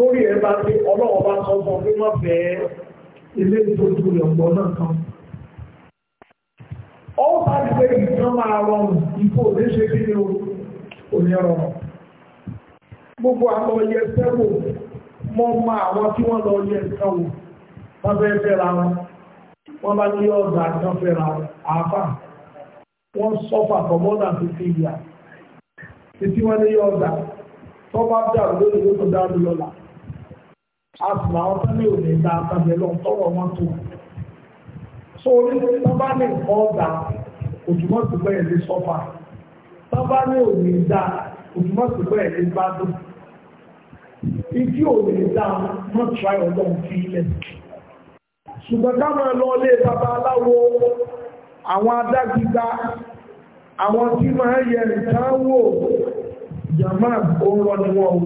torí ẹ bá pé ọlọ́wọ́ bá sọ fún ọ pé wọ́n fẹ́ ilé ìtọ́jú rẹ̀ pọ̀ náà kan. ó bá ti pé ìtàn máa rọrùn ipò lè ṣe kí ni ò ní rọrùn. gbogbo àwọn ọyẹ sẹ́wò mọ́ mọ́ àwọn tí wọ́n lọ yẹ nǹkan wò wọ́n fẹ́ fẹ́ra wọn wọ́n bá ní ọ̀dà kan fẹ́ra wọn àáfà wọ́n sọ́fà for more than fifty years. títí wọ́n ní ọ̀dà tó bá dà lórí ìwé tó dá lọ́la àtùmọ̀ àwọn tẹ́lẹ̀ ò ní da àtàbẹ̀ lọ tọrọ wọn tó so orí tó bá ní nǹkan ọ̀dà òtùmọ̀ sí pé ẹ̀lẹ́ sọ́fà tó bá ní ò ní da òtùmọ̀ sí pé ẹ̀lẹ́ bá dùn ìdí ò ní da mọ́ tíráì ọlọ́run fi ilẹ̀ ṣùgbọ́n ká máa lọ ilé bàbá aláwo àwọn adágbígbá àwọn tí máa yẹ ìtàn wò jàmáà ó rọ ni wọn o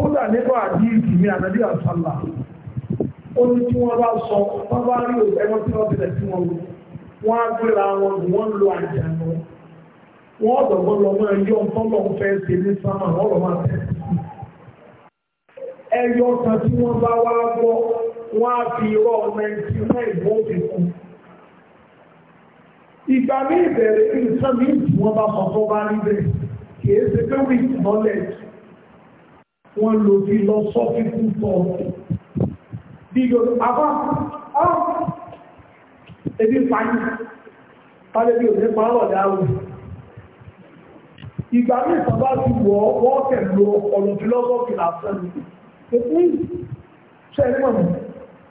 kódà nípa àdíìsì ní ànàdí àṣàlà ó ní tí wọ́n bá sọ wọ́n bá rí ẹ̀wọ́n tí wọ́n bẹ̀rẹ̀ sí wọn lò wọ́n á gbéra wọn lò wọ́n lo àjànà wọ́n ọ̀dọ̀gbọ́n lọ máa yọ ọ̀tọ́lọ̀ fẹ́ ṣe ní sámà ọ̀rọ̀ máa tẹ̀ ẹyọ kan tí wọ́n bá wá gbọ́ wọ́n á fi irọ́ 99 wọ́n fi kún ìgbà ní ìbẹ̀rẹ̀ ìsàmì ìtì wọ́n bá sọ tó bá rí bẹ́ẹ̀ kì í ṣe pé wíìtì wọ́n lo philosophical thought bí yóò àbá ebi fàáyí tàbí bí òní pàálọ̀ dáhùn ìgbà ní ìsànbá ti wọ́ wọ́ọ̀kẹ̀ lo ọ̀nà philosophy lásán ní ṣe mọ̀mù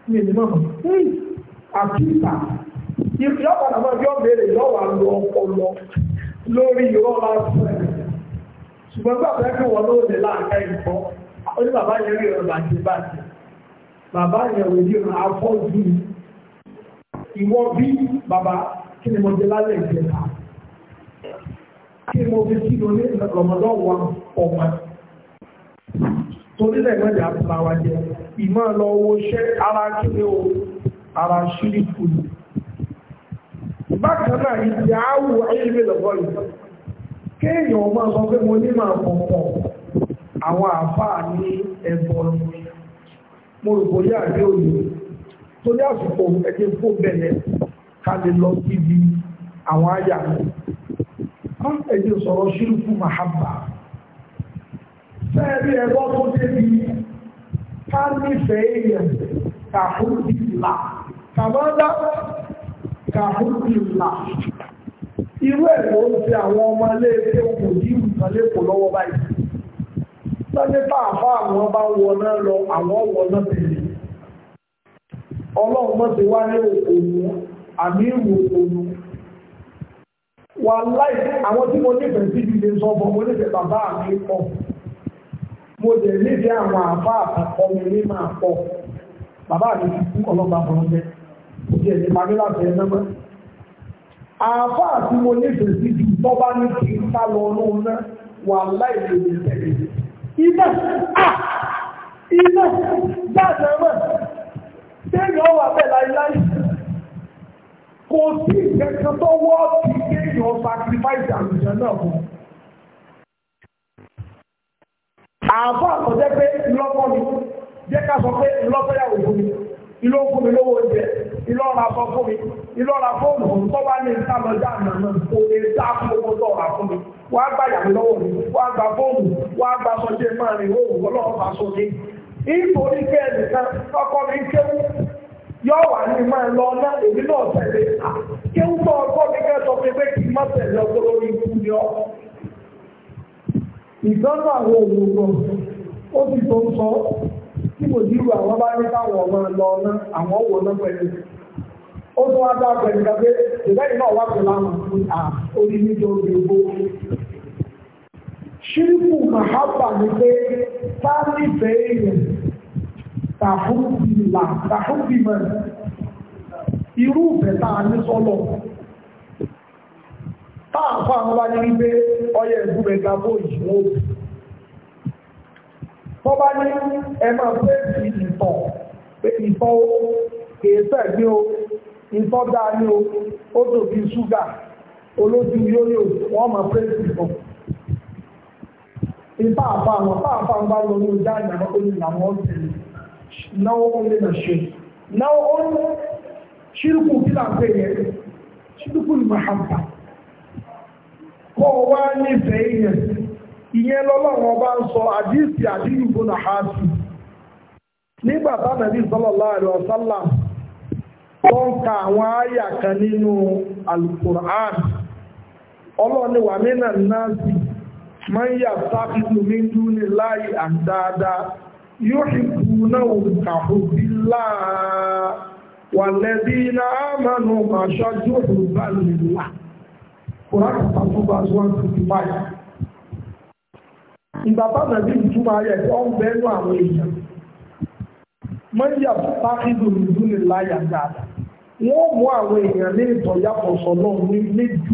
ní èdè mọ̀mù ní àkíkà yọ́pàá náà yọ́ bèèrè yọ́ wà lọ ọpọlọ lórí ìrọ́ lásán ṣùgbọ́n bàbá ẹgbẹ́ wọn ló lè láàká ìfọ́ ó ní bàbá yẹn rí ọ̀rọ̀ bàjẹ́ bàjẹ́ bàbá yẹn wò ní ọ̀rọ̀ afọ́jú ìwọ bí bàbá kí ni mo jẹ lálẹ́ ìjẹta kí ni mo fi kí ló ní ọmọdé wa ọmọ torí lẹ́yìn mẹ́jọ àtúnra wa jẹ ìmọ̀ lọ owó ṣẹ́ ara kí ni o ara ṣírí kùlù bákan náà ìdí àwọ̀ ayélujára lọ́gọ́ yìí kéèyàn ọmọ sọ pé mo ní máa pọ̀pọ̀ àwọn ní ẹbọ mo rò bóyá àdé òye tó ní àsìkò kó bẹ̀rẹ̀ ká lè lọ síbi àwọn àyà sọ̀rọ̀ fẹ́ẹ̀rí ẹ̀rọ tó débi ká nífẹ̀ẹ́ èèyàn kàhùn ìlà kàhùn ìlà. irú ẹ̀ ló ń ṣe àwọn ọmọ ilé ẹgbẹ́ òkùn yìí nǹkan lẹ́kọ̀ọ́ lọ́wọ́ báyìí sọ́jẹ́ bá àwọn bá wọná lọ àwọn wọná tẹ̀lé ọlọ́run mọ́ ti wá ní òkòòrùn àmì ìrù òkòòrùn wà láì àwọn tí mo nífẹ̀ẹ́ sí ìdílé sọ́bọ̀ mo nífẹ̀ẹ́ bàbá mi pọ̀ mo dẹ̀ nífẹ̀ẹ́ àwọn àbá àpapọ̀ mi ní máa pọ̀ bàbá mi kú ọlọ́gbà fọ́njẹ́ kò àfá àti mo nífẹ̀ẹ́ sí ju tó bá ní kí n sá lọ ọ̀nà ọ̀nà wà láìpẹ́ mi tẹ̀lé. Iná à iná dáadáa mọ̀ téèyàn wà bẹ́ẹ̀ láíláí. Kò sí ìkẹ́kẹ́ tó wọ́ kí téèyàn sacrifice àlùjọ náà fún. Àfá àkọ́jẹ́ pé lọ́kọ́ mi jẹ́ ká sọ pé lọ́kọ́ yàwó fún mi. ilé òkú mi lówó oúnjẹ ilé ọ̀rọ̀ afọ fún mi ilé ọ̀rọ̀ fóònù tó bá ní ìta lọ́jà nànà kò lè dá fún owó tó ọ̀rọ̀ mi wọ́n á gbà lọ́wọ́ mi wọ́n gba fóònù gba máa rìn ọlọ́run bá sọ nítorí pé ẹnìkan ọkọ mi kéwú yóò wà ní máa lọ èmi náà tẹ̀lé kéwú tó ọkọ mi pé tí mo dìrò àwọn bá ní káwọn ọmọ lọ ọ̀nà àwọn ọwọ́ ọ̀nà pẹ̀lú ó tún wá dá pẹ̀lú gbàgbé ìbẹ́yìn náà wá pẹ̀lú àwọn fún à orí nítorí ogbó ṣírífù màhábà pé nífẹ̀ẹ́ èèyàn tàfúbìlà tàfúbìmọ̀ irú ní sọ́lọ̀ táà fún àwọn tó bá ní ẹ máa pé sí ìtọ̀ pé ìtọ̀ o kìí o ìtọ̀ dáa ní o ó tó ṣúgà olójú yóyò wọ́n máa àfa àwọn àfa ń bá lọ ní ojú àná làwọn ọ̀sẹ̀ náwó ṣe náwó ṣírùkù kí là ń pè yẹn ṣírùkù ìmọ̀ ìyẹn lọ́lọ́run ọba ń sọ àdíìsì àdíyìnbó nà hàásì nígbà táwọn ẹbí sallallahu alaihi wasallam tó ka àwọn àyà kan nínú alukur'an ọlọ́ni nínà náàsì ma ń yà sáàkìtù ní dúnni láì àdáadáa yóò fi kú náà kàfù bí láàá wà ìgbàtà nàbí ìtumọ̀ ayẹ̀ tí ó ń bẹ́ẹ̀nú àwọn èèyàn mọ́yà pákídù nìdú ní láyà dáadáa wọ́n mú àwọn èèyàn ní ìtọ̀yàpọ̀sọ̀ náà ní méjì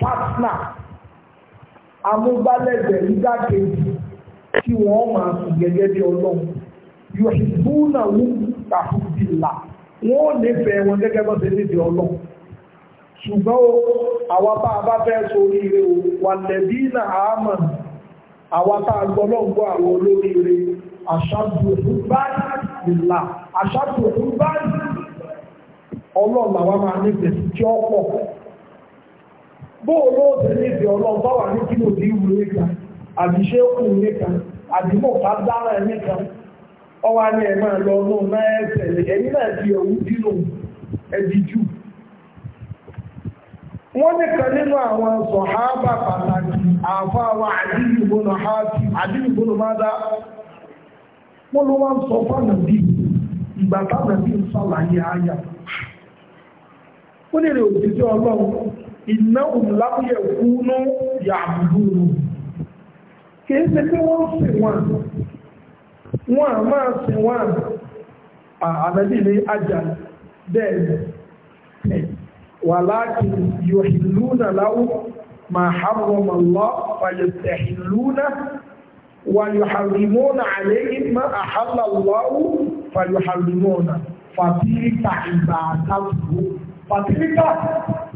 pátnà amúgbálẹ́gbẹ̀ẹ́ igbákejì tí wọ́n máa sùn gẹ́gẹ́ bí ọlọ́run yòṣùbúnà wù tàfùdìlà wọ́n nífẹ̀ẹ́ wọn gẹ́gẹ́ bọ́ sí nídìí ọlọ́run ṣùgbọ́n àwọn bá a bá fẹ́ sórí rẹ̀ wà lẹ́bí náà àmọ̀ awata tá a gbọ́ náà gbọ́ àwọn olóríire aṣáájú òfin báyìí nìlà aṣáájú òfin báyìí ọlọ́run làwa máa nífẹ̀ẹ́ sí tí ó pọ̀ bóòlù ó ti nífẹ̀ẹ́ ọlọ́run wà ní kí ló nìkan àdìṣe nìkan àdìmọ̀ ká dára nìkan wọ́n ní nínú àwọn sọ̀hábà pàtàkì àfáwà àdínìbónà háàtì àdínìbónà mádá wọ́n ló wọ́n sọ fánà bí dị bí ń ayà ó lè rè òjijì ọlọ́run iná òmùláwúyẹ̀ kúnú yàmùlúrù walakin yuhilluna lahu ma harrama Allah fayastahilluna wa yuharrimuna alayhim ma ahalla Allah fayuharrimuna fatilita ibadatu fatilita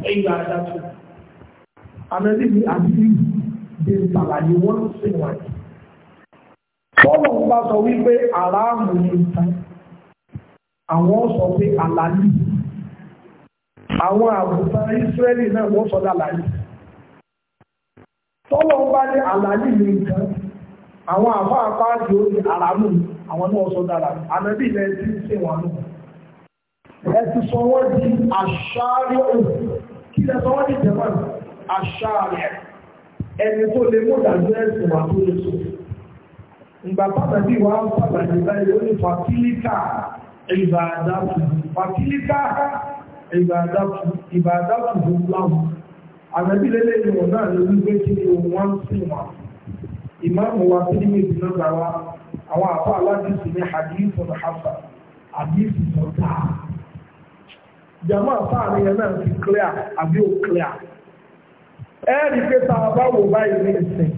ibadatu anabi ni abiyu de ṣàlàyé wọn sì wáyé tọ́lọ̀ ń bá sọ wípé aráàmù ní ìtàn àwọn sọ pé àlàlì àwọn àgùntàn israeli náà wọ́n sọ lálàyé tọ́lọ́ bá ní àlàyé yìí nǹkan àwọn àfa apáàdì òní àràmù àwọn náà sọ ànábì ilẹ̀ ti ń sìn wọn nù ẹ ti sọ wọ́n di àṣàárẹ̀ kí lẹ sọ wọ́n di jẹ̀mọ́n àṣàárẹ̀ ẹni tó lè mú dájú ẹ̀sìn wà tó lè sọ ìgbà pàtàkì wà pàtàkì báyìí ó ní fàtílíkà ìbàdàn fàtílíkà ìbàdàkù láwù àgbẹ̀bí lélẹ̀ ìwọ̀n náà ló wípé kí ni òun wá ń sìn wà ìmáàmù wa tí ní méjì náà gbà wá àwọn àbá aládìsí ní hadith ọ̀nà hafa hadith ọ̀tá jama àbá àríyàn náà ti clear àbí ò clear ẹ̀ẹ́dì pé tá a bá wò báyìí ní ìsìn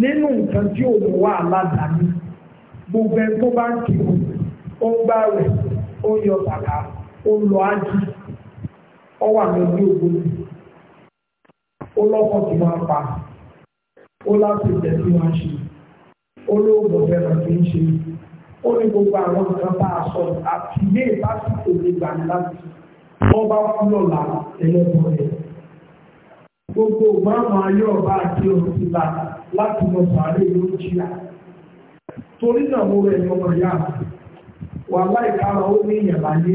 nínú nǹkan tí òun wà aládàáni gbogbo ẹni tó bá ń kírun ó ń gbá rẹ̀ ó ń yọ bàtà ó lọ ájì ó wà lórí ògbóni ó lọ́kọ̀ tí wọ́n pa ó láti tẹ̀ tí wọ́n ṣe ó lóògùn fẹ́ràn tí ń ṣe ó ní gbogbo àwọn nǹkan bá a sọ àti ilé ìbásíkò lè gbà ní láti wọ́n bá kú gbogbo márùn ayé ọba àti ọ̀rọ̀ ti láti mọ sàárè ló ń jìyà torí náà mo rẹ̀ ọmọ ìyá wà láìka ara ó ní ìyàlá yé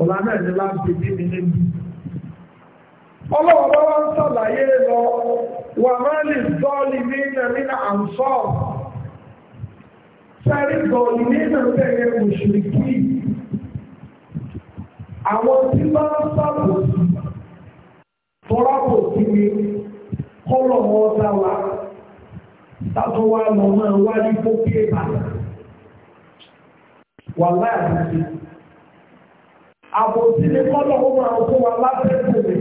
ọ̀la náà ni láti bí mi níbi ọlọ́wọ́ wọ́n sàlàyé lọ wà máa lè sọ́ọ̀lì ní nàmínà àǹsọ́ sáré gọ̀ọ̀lì ní òṣèlú àwọn tí bá ni kọ́lọ̀ dáwà tátọ́ wá lọ àbòsí ni kọ́lọ̀ ó máa fún wa lábẹ́sẹ̀lẹ̀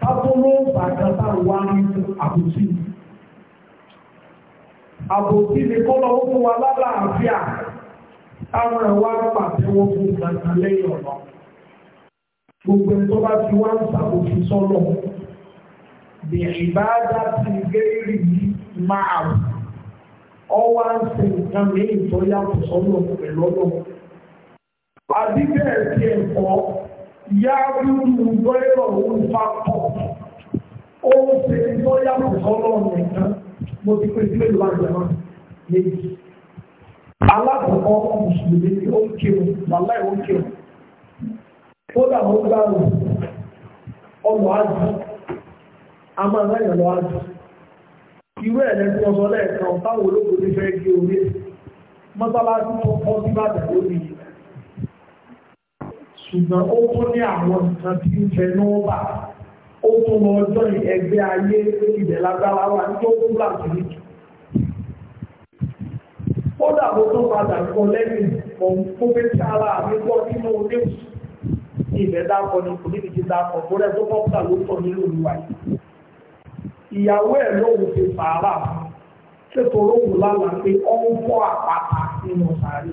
kábóló bàtàtà wà ní àbòsí. Àbòsí ni kọ́lọ̀ ó fún wa lálàáfíà táwọn ẹ̀wà pàtẹ́wọ́ fún gbàgbà lẹ́yìn ọ̀nà. Gbogbo ẹ̀ tó bá ti wá ń ṣàbòsí sọ́lọ̀. Bìrìbáàdá ti gẹ́rì yìí máa ọwọ́ à nǹkan mìíràn tó yàtọ̀ sọ́lọ̀ pẹ̀lú ọlọ́run àdíbẹ̀ ẹ̀sì ẹ̀kọ́ yá dúdú gbọ́ẹ̀rọ̀ òun fàkọ̀ ó ń ṣe tó yàtọ̀ sọ́lọ́ nìkan mo ti pè sí mélòó àjẹmọ́ méjì alákọ̀ọ́ mùsùlùmí ni ó ń kírun wàhálà ẹ̀ ó ń kírun kódà ó gbàrú ọmọ àjù a máa ń rẹ̀yàn lọ àjù irú ẹ̀ lẹ́nu ọ̀sán lẹ́ẹ̀kan táwọn olóògbé ti fẹ́ gé orí mọ́sálásí tó kọ́ sí bàtà lórí yìí ṣùgbọ́n ó tún ní àwọn nǹkan tí ń fẹ́ nọ́ọ̀bà ó tún lọ ọjọ́ ẹgbẹ́ ayé ilẹ̀ lágbára wà ní tó kú láti rí jù. kódà mo tún padà kọ lẹ́yìn mọ̀ kó fẹ́ tí ara mi pọ̀ nínú oníṣù ilẹ̀ dákọ̀ ní kò níbi ti dákọ̀ tó rẹ̀ tó kọ́kà ló tọ̀ nínú olúwa yìí. ìyàwó ẹ̀ lóun ti fàárà fún ṣètò olóhùn lálàá pé ọ́n fọ́ àpáta nínú sàárè.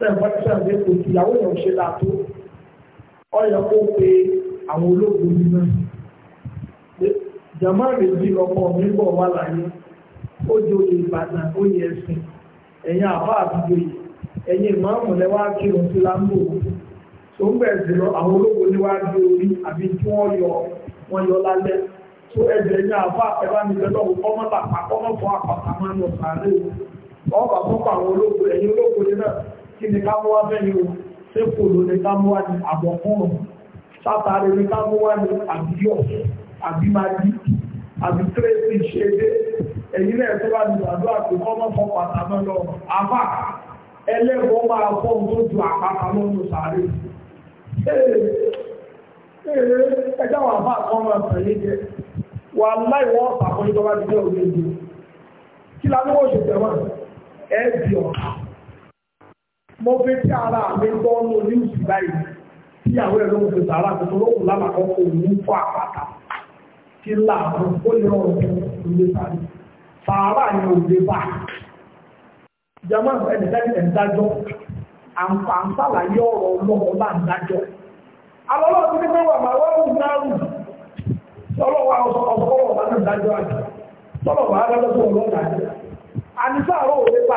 sẹ́ǹfọ́n sẹ́ǹfẹ́ kò sí ìyàwó yẹn ò ṣe tó ọyọ kó pe àwọn náà jama mi láyé ó jẹ Ìbàdàn àbá àdúgbò yìí ìmáàmù lẹ wá kírun sí tó ń bẹ̀ sí lọ àwọn ológun ní wá di orí àbí tí wọ́n yọ wọ́n yọ lálẹ́ tó ẹ̀jẹ̀ ní àbá ẹ̀bá kí ni ká mú wá bẹ́ẹ̀ o ṣé pòlò ni ká mú wá ní àbọ̀kúnrùn sátàrí ni ká mú wá ní àbíyọ̀ àbímadí àbí tírèsì ṣẹdé ẹ̀yìn náà tó bá ní ìgbàdo àti kọ́mọ́ fọ́ pàtàkì lọ àbá ẹlẹ́gbọ́n máa fọ́ ohun tó ju àpáta lọ́nà sàárè ẹjọ́ wà bá àkọ́ ọmọ ọ̀sán yìí jẹ́ wà láìwọ́ ọ̀sán àkọ́jọ́ bá ti jẹ́ òwe ìlú kí lálẹ́ wọ́n ṣe tẹ̀wọ́n ẹ̀ bí ọ̀sán mo fi tí ara mi gbọ́ ní báyìí tí ìyàwó ẹ̀ ló fi sàárà tó lókùn lálàkọ́ kò ní fọ́ àpáta kí ó lè rọrùn fún ilé sàárà ni ò lè jama ẹnìtẹ́ni ọ̀rọ̀ bá ń dájọ́ alọ́lọ́ ti ní pẹ́wà máa wọ́n ń dárù tọ́lọ́wà ọ̀sọ̀kọ́lọ̀ bá ń dájọ́ àjọ tọ́lọ́wà adájọ́ tó ọlọ́dà àníṣàrọ̀ òde pa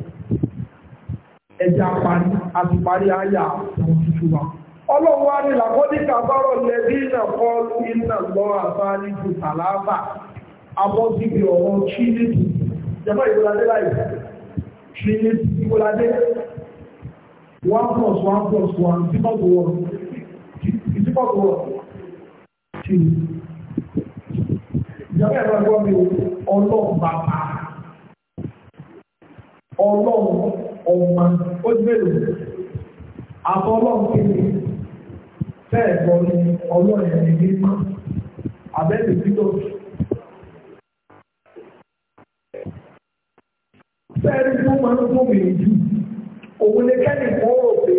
ẹja parí àti parí àyà àwọn tuntun wa ọlọ́run wá ní làkọ́díkà bárọ̀ lẹ́bí iná kọ́ iná lọ àbáni ju tàlàbà abọ́síbi ọ̀rọ̀ trinity jẹ́mọ́ ìgbòladé láì trinity ìgbòladé one plus one plus one ìsípọ̀tò wọ̀rọ̀ ìsípọ̀tò wọ̀rọ̀ trinity jẹ́mọ́ ìgbòladé ọlọ́run bàbá ọlọ́run ọmọ ó gbèrò àtọ́lọ́run kéde bẹ́ẹ̀ lọ ni ọlọ́run ẹ̀mí mímọ́ abẹ́lẹ̀ títọ́. Bẹ́ẹ̀ni tó máa ń fún mi jù, òun ni kẹ́ni kan rò pé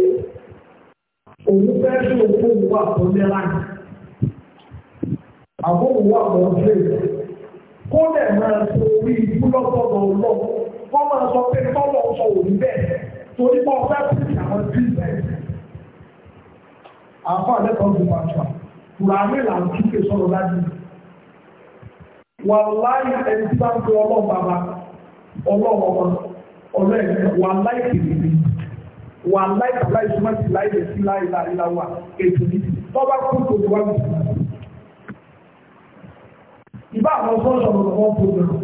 òun fẹ́ sí òkú òun wà tó ní láì. Àbó òun wà mọ́ ṣe. Kó lè máa so orí búlọ́kọ̀dọ̀ lọ, wọ́n máa sọ pé tọ́lọ̀ sọ òní bẹ́ẹ̀ torí pọ̀ fẹ́ pèsè àwọn bíbẹ̀ẹ̀sì. àfọ àlẹ́kọ̀ọ́ gbogbo àṣà kùràmì là ń túkè sọ̀rọ̀ láti. wàláì ẹni tí bá ń pe ọlọ́ọ̀ bàbá ọlọ́ọ̀ ọmọ ọlọ́ẹ̀kẹ́ wàláì kìrìkìrì wàláì bàbá ìṣúná ti láì lè sí láì láì láwà ètò ní tọ́ba kú tó wá ìbá àwọn sọ́ọ̀sọ̀ ọ̀rọ̀ wọn tó bẹ̀rẹ̀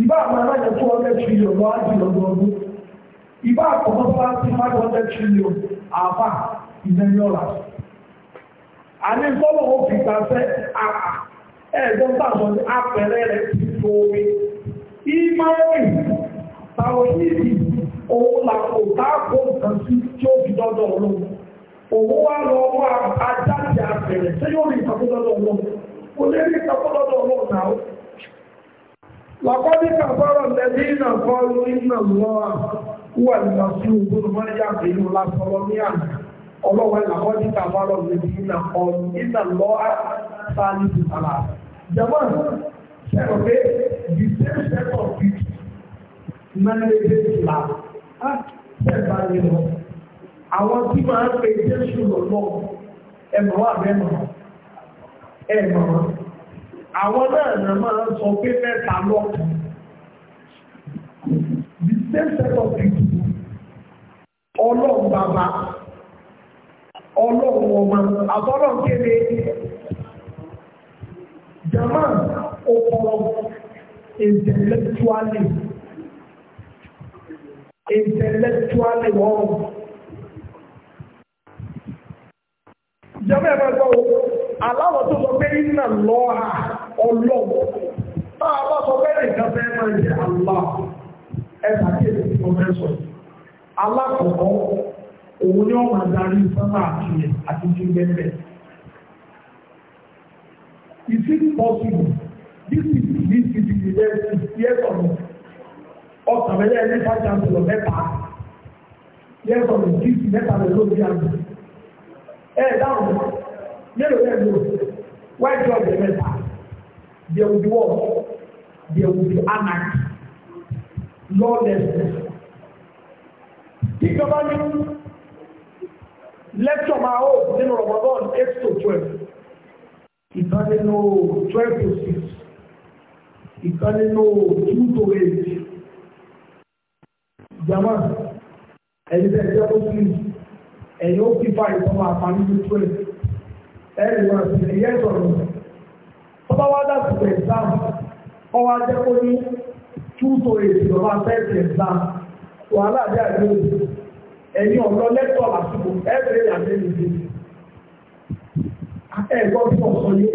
ìbá àwọn alájọ tó ọdẹ trillion lọ ájì lọ́dọọdún ìbá àkọ́kọ́ bá ti five hundred trillion àbá ìdẹ́yọ́là àní sọ́lọ̀ ó fi gbàṣẹ́ àpà ẹ̀ẹ́dọ́n bá àwọn apẹ̀rẹ̀ rẹ̀ ti tó omi ìmáìlì táwọn yìí òun làkò táàkó nǹkan sí tí ó fi dọ́dọ̀ ọlọ́run òun wá lọ wá ajáde àpẹ̀rẹ̀ tí yóò rí ìtàkùn dọ́dọ̀ ọlọ́run kò lè rí ìtàkùn dọ́dọ̀ ọlọ́run náà lọ́kọ́dí kàfọ́rọ̀ lẹ́bí iná fọ́rú iná lọ́wọ́ wà nígbà sí ogun mọ́níjà pẹ̀lú lásọ̀rọ̀ ní àná ọlọ́wọ́ ìlàkọ́dí kàfọ́rọ̀ lẹ́bí iná fọ́rú iná lọ́wọ́ sáàlì ìsàlà jẹ́mọ́ sẹ́rọ̀ pé the same set of people mẹ́lẹ́dẹ́ ìlà á sẹ́gbà ní lọ àwọn tí máa ń pe jésù lọ́lọ́ ẹ̀mọ́ àbẹ́mọ̀ ẹ̀mọ́ àwọn náà nà máa sọ pé mẹ́ta lọ́kàn the same set of people ọlọ́run bàbá ọlọ́run ọmọ àtọ́lọ́run kéde jama ọpọlọ intellectually intellectually wọ́n. jama ẹ̀ máa gbọ́ aláwọ̀ tó sọ pé iná lọ́ha ọlọ́wọ́ bá a bá sọ bẹ́ẹ̀ nìkan fẹ́ máa jẹ́ àlá ẹ̀ka kí èdè tí mo fẹ́ sọ alákọ̀ọ́ òun ni wọ́n máa darí sánmà àtìyẹ àti jí gbẹ́gbẹ́ is it possible this is this is the best yes or no ọkàn mẹ́lẹ́ ẹni fájà ń lọ mẹ́ta yes or no this mẹ́ta lè lóbi àgbẹ̀ ẹ̀ dáhùn mélòó ẹ̀ lò wáìtì ọ̀gbẹ̀ mẹ́ta. There will be war. There will be anarchy, lawlessness. Think about it. Lecture my own nínú Ramadan eight to twelve. Ìkan nínú twelve to six. Ìkan nínú two to eight. Jama ẹ̀yin bẹ́ẹ̀ jẹ́ Muslim ẹ̀yin ó kí fáyìí fún wa àpamí to twelve. Ẹ̀yin wá sí ẹ̀yẹ́ sọ̀rọ̀ tó bá wá dàsìkò exam ọwọ́ ajẹ́ kó ní túùtò èsì ọba fẹ́ẹ̀sì exam wàhálà àbí àjọ ẹ̀yìn ọ̀dọ́ lẹ́tọ̀ àsìkò ẹ̀ẹ́dẹ̀rẹ́ ìyàgbé nìyí tí wọ́n sọ yé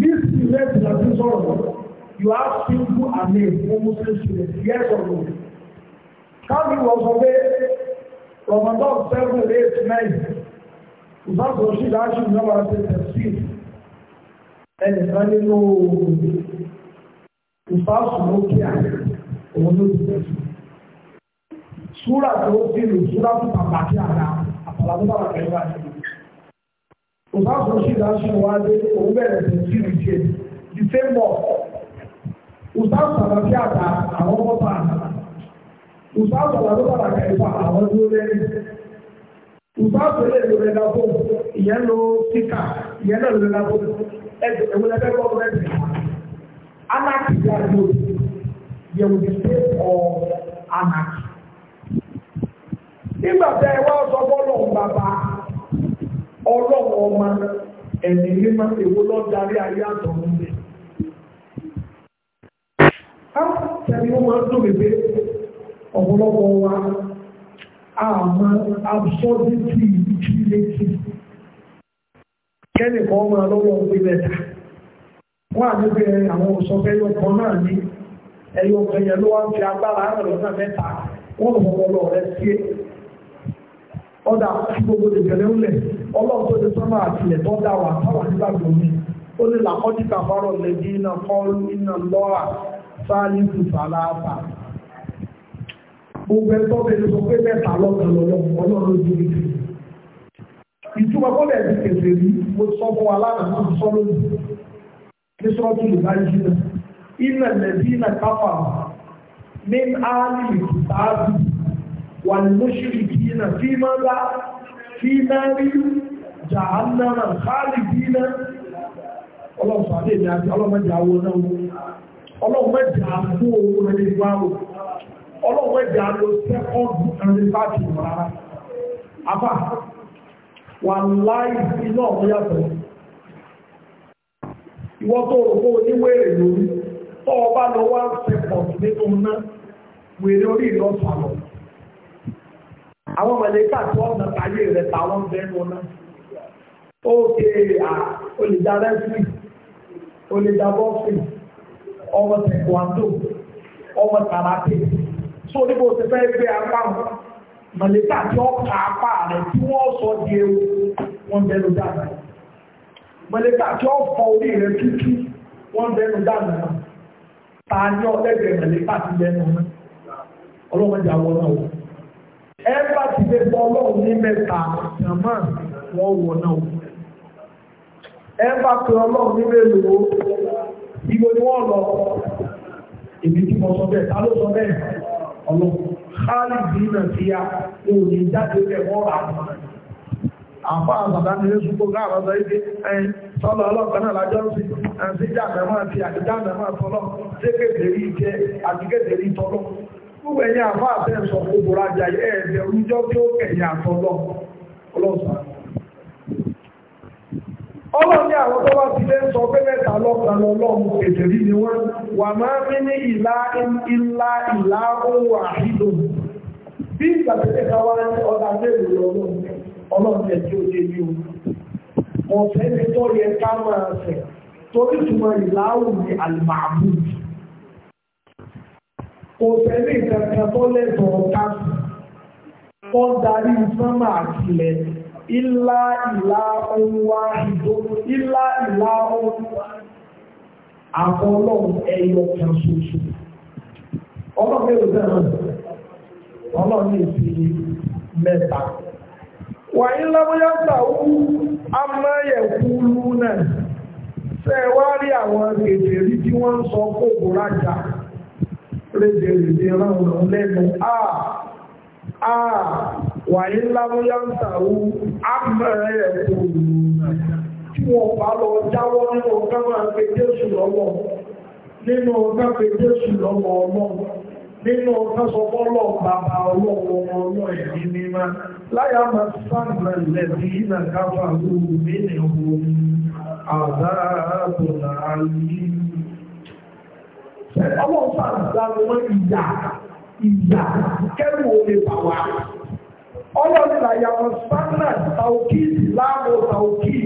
this student na ti sọ̀rọ̀ you have simple and for muslim students yes or no káàbí wọ́n sọ pé ramadan seven eight nine ìfàsọ̀rọ̀ sí ìdájọ́ ìjọba àti tẹ̀síìtì ẹnìkan nínú ìfásùn lókè àná òun ló ti tẹ̀sùn. Súrà tó ti lò súrà tó pàtàkì àná àpàlà tó bàbà kẹ́lú àti ìlú. Ìfásùn sì dáṣọ wá dé òun bẹ̀rẹ̀ sí sí ìlú tiẹ̀. The same mọ̀. Ìfásùn pàtàkì àná àwọn mọ́tò àná. Ìfásùn pàtàkì bàbà kẹ́lú àwọn tó lẹ́yìn. Ìfásùn lè lo ẹ̀dá fóònù, ìyẹn lo kíkà, ìyẹn náà lo ẹ̀dá fóònù ẹ̀jẹ̀ ẹ̀wọ̀n ẹ̀fẹ́ gọ́ọ̀mẹ́ntì anarchy yà ló yẹ wò di pé ọ anarchy. nígbà tẹ ẹ wá sọ bọ́ọ̀lù bàbá ọlọ́wọ́ ọmọ ẹ̀mí mímọ́ èwo lọ́ọ́ darí ayé àtọ̀ nílẹ̀. káwọn tẹ̀lé wọn máa ń dùn mí pé ọ̀pọ̀lọpọ̀ wa àmọ́ absurdity ìdílé ti. kẹ́lì kan máa lọ́wọ́ pé mẹ́ta wọ́n à níbi àwọn òṣọ́fẹ́ ẹyọkan náà ní ẹyọkan yẹn ló wá fi agbára àrẹ̀lọ́nà mẹ́ta wọ́n lọ́wọ́ lọ rẹ̀ sí ọ̀dà gbogbo ìbẹ̀rẹ̀ ńlẹ̀ ọlọ́run tó ti sọ́nà àtìlẹ̀ tó dá wà táwà nígbà gbòmí ó làkọ́jú kàfárọ̀ iná kọ́ọ́lù iná sáàlì gbogbo ẹ̀tọ́ bẹ̀rẹ̀ sọ pé mẹ́ta ọlọ́run ìtumọ̀ kọ́lẹ̀ ẹ̀sìn kẹsẹ̀ rí mo sọ fún wa lánàá mo sọ lónìí ní sọ́ọ́tù lè bá yí náà iná lẹ́bí iná káfà ní áálì ìtààbù wà ní lóṣìlì kí iná fi máa bá fi náà rí jàánàmà káàlì bí iná ọlọ́sọ̀ àdé mi àti ọlọ́mọdé àwọn náà ọlọ́mọdé àbú owó rẹ̀ nígbà wò ọlọ́mọdé àlọ́ sẹ́kọ̀ọ̀dù ẹ̀rẹ́ bá ti rárá wà láì iná ọ̀tọ́ yàtọ̀ ìwọ tó rò kó oníwèrè lórí tó ọba lọ wá sẹ́pọ̀t nínú ná wèrè orí ìlú ọ̀sà lọ àwọn mọ̀lẹ́kà tí wọ́n na tayé rẹ̀ táwọn bẹ́ẹ̀ nù ná ó kéré à olùdá rẹ́sìlì olùdá bọ́ọ̀sì ọmọ tẹ̀kọ̀ àdó ọmọ tàràkì tó níbo ti fẹ́ gbé apá mọ́ mọ̀lẹ́ta tí ó ka apá rẹ̀ tí wọ́n sọ di ewu wọ́n bẹnu dànù mọ̀lẹ́ta tí ó fọ orí rẹ̀ tútù wọ́n bẹnu dànù náà ta ní ọ̀lẹ́gbẹ̀ẹ́ mọ̀lẹ́ta ti bẹnu náà ọlọ́mọdé àwọn náà wọ̀ ẹ bá ti lè bọ́ ọlọ́run ní mẹ́ta àmọ́ wọ́n wọ̀ náà wọ̀ ẹ bá pe ọlọ́run ní mélòó ibo ni wọ́n lọ èmi tí mo sọ bẹ́ẹ̀ ta ló sọ bẹ́ẹ̀ ọlọ́run káàlìdì náà ti ya òní jáde rẹ̀ wọ́n rà mọ́ àpá àbàbá ní lẹ́sùn kó gáà lọ́sọ ibi ẹn sọ́lọ̀ ọlọ́pàá náà lájọ́ sí ẹn sí jàmẹ́ máa ti àdìjá mẹ́mọ́ àtọ́lọ́ sí kékeré ìjẹ́ àdìgẹ́dẹ̀rí tọ́lọ́ gbogbo ẹ̀yìn àpá àtẹ́sọ̀ kó bọ́ra jà ẹ̀ẹ́dẹ̀ oníjọ́ tí ó kẹ̀yìn àtọ́lọ́ ọlọ́sàn ọlọ́run ní àwọn tó bá ti lé sọ pé mẹ́ta lọ́kàn lọ́lọ́run pèsè rí ni wọ́n wà máa ń rí ní ìlà ìlà ìlà ohun àhílò bí ìgbà tó lè káwá ọ̀dà mélòó lọ́lọ́run ọlọ́run ó dé ní o ọ̀fẹ́ mi tó yẹ ká máa fẹ̀ torí túmọ̀ ìlà ohun ní àlùmáàmù ọ̀fẹ́ mi kankan tó lẹ́tọ̀ọ́ ká ilá ìlà ohun wá ìdó ilá ìlà ohun àwọn ọlọ́run ẹyọ kan ṣoṣo ọlọ́run ẹyọ kan ọlọ́run èsì mẹ́ta wà ní lábúyátà ó amáyẹ̀kúlú náà ṣe wá rí àwọn kèfèrí tí wọ́n ń sọ kóòkó rájà rédèrèdè ránràn lẹ́nu àà ah! àà ah! wàyí lámúyá ń tàrú ámẹ́rẹ́ ẹ̀kọ́ tí wọ́n bá lọ jáwọ́ nínú ọgá máa pe Jésù lọ́wọ́ nínú ọgá pe Jésù lọ́wọ́ ọlọ́run nínú ọgá sọ bọ́lọ̀ bàbá ọlọ́wọ́ ọlọ́ ẹ̀mí mímá láyà máa sáàmà lẹ́bí iná káfà lóru mẹ́lẹ̀ ohun àdáàbòlà ayé ọlọ́pàá ìdáwọ́ ìyà ìyà kẹ́rù olè bàwà ọlọ́nìlà yàtọ̀ standard taokid láàmú taokid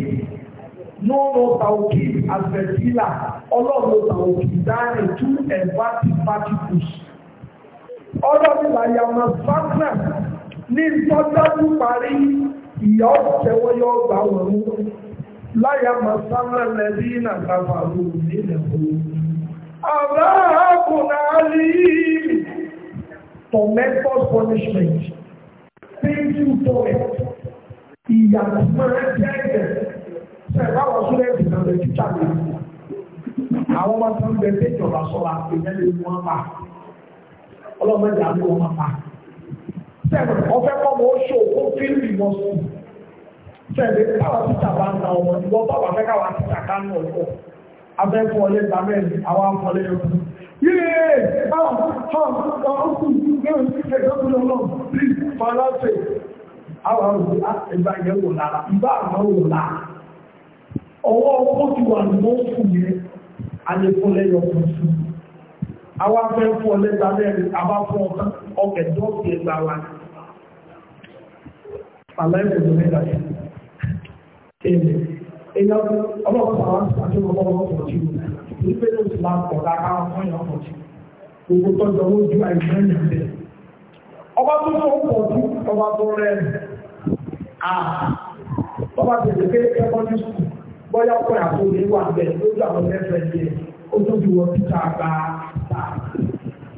nínú taokid àfẹ̀sílà ọlọ́nù taokid dáni two emphatic particles ọlọ́nìlà yàtọ̀ standard ní tọ́jú parí ìyá ọ̀tẹ̀wọ́ yọ gbà wọ̀rú láyà masánà lẹ́bí nà kàfàrú nílẹ̀ òun àbáàkùnà alì tormentous punishment painful poem ìyàtọ̀ máa ń jẹ́ ẹ̀jẹ̀ sẹ́ẹ̀bá wọ́n súnlẹ̀ ìdìbò rẹ̀ títà mi àwọn ọmọ tó ń bẹ pé ìjọba sọ́ra ìyẹn lè mú wọn pa ọlọ́mọ ìyá ló wọn pa sẹ́ẹ̀bà ọ̀fẹ́ kọ́ mọ́ ó ṣó ó fílù ìwọ̀n sùn sẹ́ẹ̀bà káwa títà bá ń ta ọmọ ìwọ́n bàbá fẹ́ káwa títà ká ń lọ Yay! Ah, ah, ah, ẹ̀dọ́kùnrin Ọwọ́ ọkọ́ ti wà ní wọ́n fún yẹn, a lè fún lẹ́yọ fún sí. Àwọn afẹ́ fún ọ lẹ́ta lẹ́rin, àbá fún ọkàn, ọkẹ̀ dọ́ọ̀kì ẹgbà wa. Fàlásẹ̀ ló mẹ́ta ìpínlẹ̀ Islam ọ̀dà káwọn fún ìyàn ọ̀pọ̀ tí gbogbo tó jọ ojú àìsàn ìyàn bẹ̀rẹ̀ ọba tó tó pọ̀ tí ọba tó rẹ̀ ọba tètè pé secondary school bọ́yá pọ̀ àpò ní wà bẹ̀rẹ̀ lójú àwọn ẹ̀fẹ̀ yẹ ó tó di wọ títà gba ta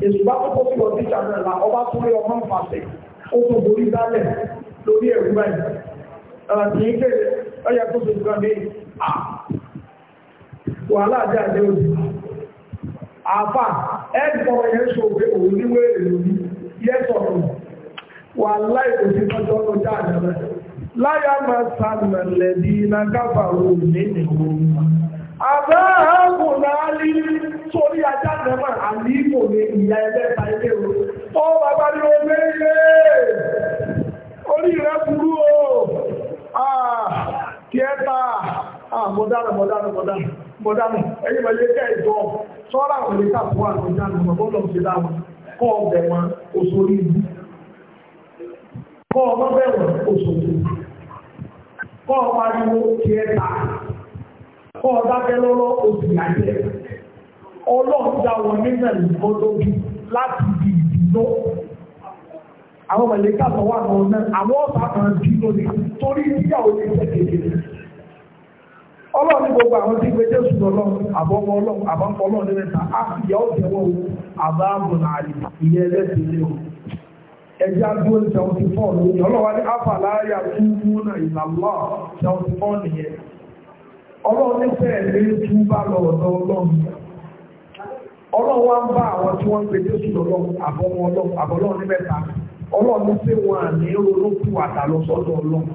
èsù bá tó kó sí wọ títà náà la ọba tó rí ọmọ nfàṣẹ ó tó borí dálẹ̀ lórí ẹ̀rú ẹ̀ kì í kéré ọyẹ tó tó gbọ́n wàhálà àti àjẹ́ òjì àfà ẹgbọ̀rọ̀ yẹn ṣòwé òun èròní yẹ́sọ̀rọ̀ wà láìpò sí tọ́jọ́ ló já máa sàmà lẹ́bí iná káfàró òní ìwò àbá o ní o ah, mọ̀dánù mọ̀dánù mọ̀dánù mọ̀dánù ẹ̀yìn mẹ́lẹ́ jẹ́ ìjọ sọ́ra àwọn ilé tàbí wà ní ìjánù mọ̀gbọ́dọ̀ ti dáwọn kọ́ ọbẹ̀ wọn òṣòrí ìlú kọ́ ọmọ bẹ̀rẹ̀ òṣòrí kọ́ ọ pariwo ti ẹ̀ta kọ́ ọ dákẹ́ lọ́rọ́ oṣù àjẹ́ ọlọ́run dá wọn nígbà ìmọ́lógún láti ibi ìdìbò àwọn mẹ̀lẹ́ tàbí wà ní ọ̀nà àwọn ọ̀sà kan dínú ni torí ìdíyàwó ti tẹ̀ kékeré ọlọ́run ní gbogbo àwọn tí gbẹjẹ́ sùn ọlọ́run àbọ̀mọ ọlọ́run àbọ̀mọ ọlọ́run nínú ìta á ah, ìyá ó tẹ̀wọ́ o àbáàbò nàárì ìyẹn ẹlẹ́sìn ilé o ẹja dúró ní seventy four lónìí ọlọ́wà ní afàláyà túbú náà ìlàlọ́ seventy four nìyẹn ọlọ́run ní fẹ́ẹ̀ lé túbá lọ ọ̀dọ̀ ọlọ́run ọlọ́run wá ń bá àwọn tí wọ́n ń gbé jésù lọ́lọ́run ọlọ́run àbọ̀lọ́run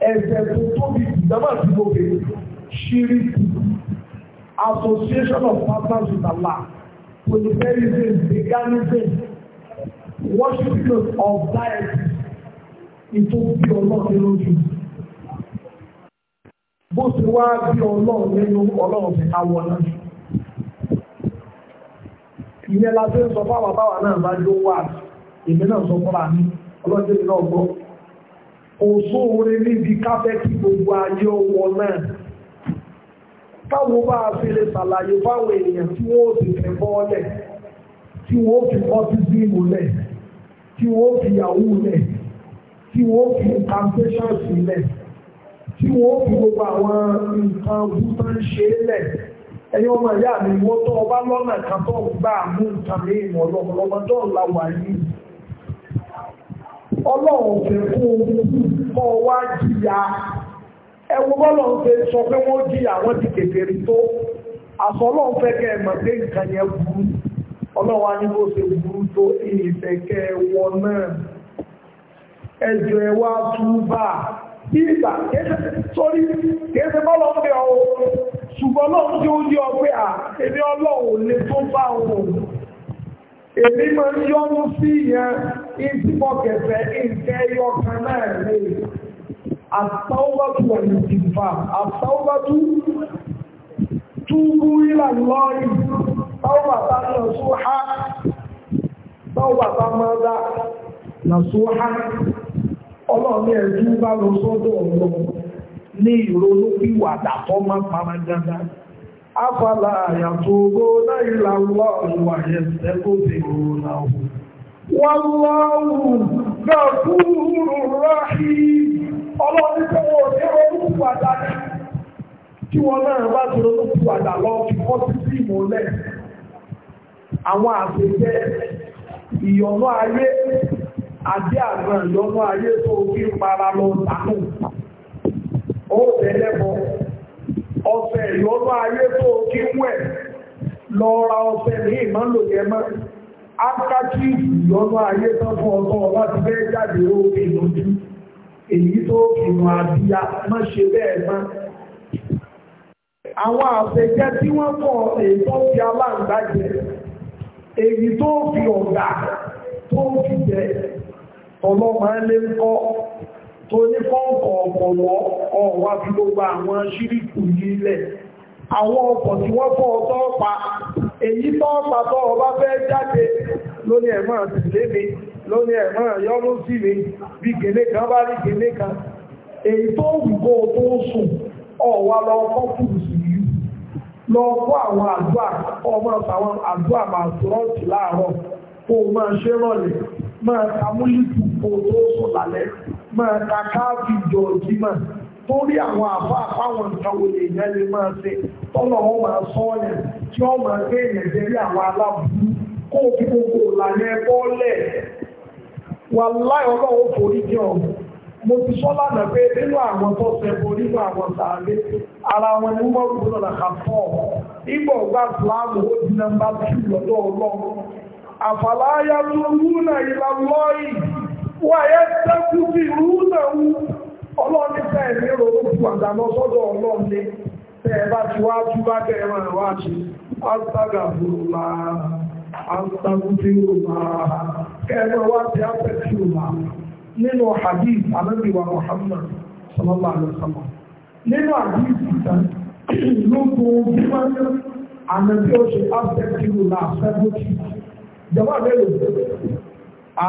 ẹ̀ṣẹ̀ tó tóbi ìjọba àti gbogbo ṣírí association of partners with Allah polytheism paganism worshiping of deities ètò bí ọlọ́run lójú bó ti wá bí ọlọ́run nínú ọlọ́run fi ká wọ náà ìyẹn la fi ń sọ fáwọn báwa náà bá jó wá èmi náà sọ fúnra mi ọlọ́jọ́ mi náà gbọ́. òṣó orin níbi káfẹ́ gbogbo ayé ọwọ́ náà káwọn bá a fi lè ṣàlàyé fáwọn èèyàn tí wọ́n ò sì fẹ́ tí wọ́n fi ọtísíìmù lẹ̀ tí wọ́n fi yahoo lẹ̀ tí wọ́n fi incantation sílẹ̀ tí wọ́n fi gbogbo àwọn nǹkan bútọ́ ń ṣe lẹ̀ ẹ̀yin ọmọ ìyá mi wọ́n ọba lọ́nà kan tó gbà mú nǹkan ìmọ̀ ọlọ́run ti kú mọ́ wá jìyà ẹwọ bọ́lọ̀ ń sọ pé wọ́n jìyà wọ́n ti kékeré tó àṣọ ọlọ́run fẹ́ kẹ́ pé nǹkan yẹn burú ọlọ́run á ní bó ṣe burú tó ìfẹ́ kẹ́ náà ẹjọ́ ẹ wá ìgbà sórí kéèsè ọ tí ó yí tó bá èmi máa ń yọ́nú sí ìyẹn ìtìmọ̀kẹ̀fẹ́ nǹkan ẹyọ kan náà lè àtàwọ́bàtú àyùkìfà àtàwọ́bàtú túbú ìlà lọ́rí táwọ́bàtá nàṣúhá táwọ́bàtá mọ́dá nàṣúhá ọlọ́ọ̀ní ẹ̀dú lọ ní ìrònú pìwàdà máa pàmà dáadáa afala àyàtúgbó láìlà lọ́ọ̀lùwà yẹ̀sẹ̀ tó ti rúnà ohun wọ́lọ́wùn gbẹ̀kúrù ráhì ọlọ́dúnkọwọ́ ní orúkú padà ní kí wọ́n náà bá ti orúkú padà lọ fi kọ́ sí sí ìmọ̀lẹ̀ àwọn àpẹjẹ ìyọ̀nà ayé àdé àgbà ìyọ̀nà ayé tó kí para lọ tànù ó tẹ́lẹ̀ ọ̀sẹ̀ ìlọ́nà ayé tó kí ń wẹ̀ lọ ra ọ̀sẹ̀ ní ìmọ́lò yẹmọ́ ápákí ìlọ́nà ayé tán fún ọgbọ́n ọba ti fẹ́ jáde ó ìnújú èyí tó ìnú àbíyá má ṣe bẹ́ẹ̀ mọ́ àwọn àfẹ́jẹ́ tí wọ́n mọ̀ èyí tó fi aláǹgbá jẹ èyí tó fi ọ̀gá tó fi jẹ ọlọ́mọ ẹlẹ́ńkọ́ tó ní pọ́ǹpọ̀ ọ̀pọ̀lọ́ ọ̀wà fi gbogbo àwọn ṣíríkù nílẹ̀ àwọn ọkọ̀ tí wọ́n fọ́ ọ̀tọ́ pa èyí tọ́ọ̀pá tọ́ ọba fẹ́ jáde lóní ẹ̀mọ́ tẹ̀lé mi lóní ẹ̀mọ́ yọ́nú sí mi bí gèlé kan bá rí gèlé kan èyí tó wùgbó tó sùn ọ̀wà lọ kọ́pù sí yìí lọ kọ́ àwọn àdúà ọmọ àtàwọn àdúà màá tó rọ́ọ̀tì láàárọ̀ máa ka múlìkù kó tó sùn lálẹ́ máa ka káàfì jọ̀ọ́jì máa torí àwọn afọ afọ nǹkan lè yẹn lè máa ṣe tọ́lọ̀ wọn máa sọ ọ́ tí wọ́n máa gbé èèyàn rí àwọn kó o gbogbo ìlànà ẹ̀kọ́ lẹ̀ wà láì ọlọ́wọ́ forí jẹ ọ̀ mo ti sọ lánàá pé nínú àwọn tó nínú àwọn ara wọn ni wọ́n àfàláyà tó rúnà ìlàlọ́yì wà yẹ tẹ́kù sí rúnà wú ọlọ́ni fẹ́ẹ̀ ní àdánà sọ́dọ̀ ọlọ́ni fẹ́ẹ̀ ti wá tú bá kẹ́ ẹ̀rọ nínú hadith anábìwà Muhammad sallallahu alaihi wasallam nínú hadith ìtàn lókun jọba mélòó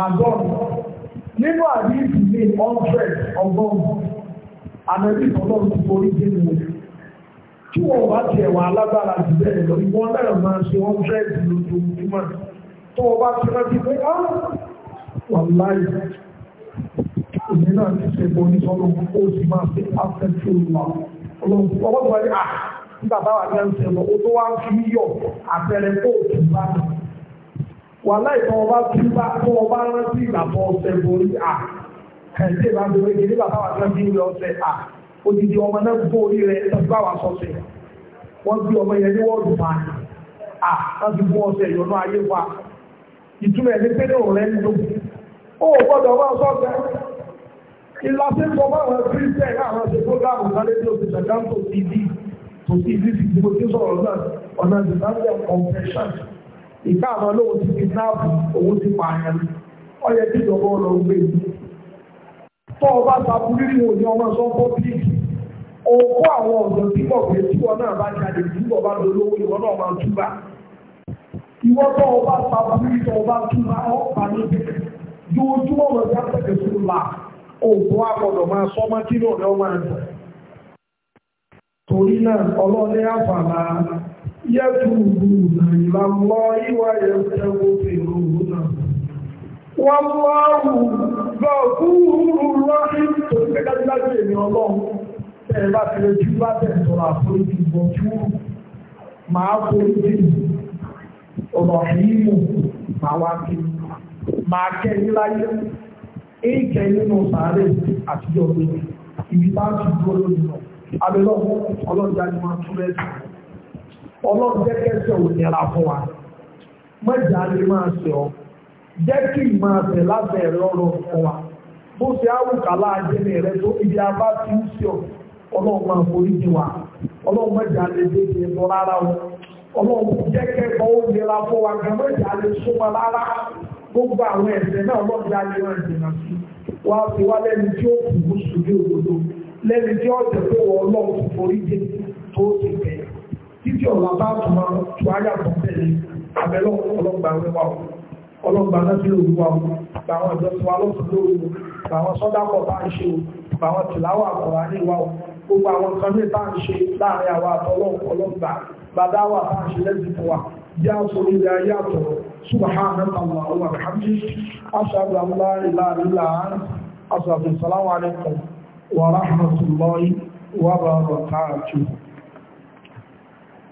àgọ́n nínú àdínkù ní ọ̀nfẹ́ ọgbọ́n àmẹ́bí ọlọ́run ti forí dé mi tí wọ́n bá tiẹ̀ wà alágbára jù bẹ́ẹ̀ lọ ìwọ́n náà máa ṣe wọ́n fẹ́ lójoojúmọ́ tó o bá ti rántí pé á ah, wà láì òní náà ti ṣe bọ́ ní sọ́nà ó sì máa ṣe afẹ́fẹ́ òun ọlọ́run ọgbọ́n tó wáyé à ah, nígbà báwa ní à ń ṣe lọ ó tó wá fi yọ àpẹẹrẹ kóòtù bá wà láì tọ́ ọba tí bá tọ́ ọba rántí ìgbàpọ̀ ọ̀sẹ̀ borí à kẹ̀ǹtẹ́ ìbá bẹ̀rẹ̀ kí ní bàbá wa tán bí ilé ọ̀sẹ̀ à odidi ọmọ náà borí rẹ̀ tàbí bá wa sọ̀sẹ̀ wọ́n gbé ọmọ yẹn ní wọ́ọ̀dù máa à láti fún ọ̀sẹ̀ ìyọnú ayé wa ìtumọ̀ ẹni pé ní òun rẹ̀ ń lò ó gbọ́dọ̀ wá sọ́sẹ̀ ìlàsípọ̀ báwọn kírísẹ̀ àwọn ṣe fógáàmù lálẹ́dẹ́ òṣìṣẹ́ dáńtò tv tó tv fi gbogbo tí sọ̀rọ̀ náà ọ̀nà ìdíláńtẹ̀ compression ìka àwọn olóhùn ti fi náàbù òun ti pààyàn ni ó yẹ kí ìjọba ọ̀rọ̀ gbé e. tó o bá ta burúkú òní ọmọ sọ pọ́bílíkì o kó àwọn ọ̀dọ́ tí kò pé tí wọn náà bá jáde tí wọn bá lọ lówó ìwọ náà máa túbà. ìwọ tó o bá ta burúkú tó o bá túbà ọ̀ pa ní ojoojúmọ́ wọn ti àtẹ̀kẹ́ fún un la òògùn àgbọ̀dọ̀ máa sọ ọmọ kí náà ni wọ́n máa torí náà ọlọ́ọ̀ni يتوبون إلى الله ويستغفرون والله غفور رحيم tòlùkẹ́dájúdájú èmi ọlọ́run tẹ́ẹ̀ bá fi ojú bá bẹ̀rẹ̀ sọ̀rọ̀ àforíjì bọ̀ tí ó máa foríjì ọ̀rọ̀ yíyù máa wá kí máa kẹ́ ní láyé èyíkẹ́ nínú sàárè àtijọ́ gbé ibi bá ti dúró lónìí lọ abẹ́lọ́ ọlọ́jà ni ọlọ́run jẹ́ kẹ́sẹ̀ ò nira fún wa mẹ́jà lè máa ṣe ọ́ jẹ́ kí máa ṣe lábẹ́ ẹ̀rọ fún wa bó ṣe áwùkà láàjẹ́ ní rẹ tó ibi abá ti ń ṣe ọ́ ọlọ́run máa forí jì wá ọlọ́run mẹ́jà lè dé ti ẹ̀tọ́ rárá o ọlọ́run jẹ́ kẹ́kọ̀ọ́ ó nira fún wa gan mẹ́jà lè súnmọ́ rárá gbogbo àwọn ẹ̀ṣẹ̀ náà ọlọ́run jẹ́ máa jìnnà sí wá fi wá lẹ́ni tí ó kù lẹ́ni tí ó jẹ́ pé ọlọ́run forí jì tó ti bẹ̀rẹ̀ títí ọ̀la bá tuma tu ayé àbọ̀tẹ́lẹ̀ abẹ́lẹ́ ọlọ́gba wíwá o ọlọ́gba nẹ́sílẹ̀ òwúwa o bàwọn ìjọsìn wa lọ́sùn lóru o bàwọn sọ́dákọ̀ bá ń ṣe o bàwọn tìláwà kọ̀wá ní ìwà o gbogbo àwọn kan ní bá ń ṣe láàrin àwa àtọ́lọ́ ọlọ́gba bàdáwà bá ń ṣe lẹ́sìn fún wa bí a sọ ilé ayé àtọ̀ subhanaka allahumma bihamdika ashhadu an la ilaha illa anta astaghfiruka wa atubu ilayk wa rahmatullahi wa barakatuh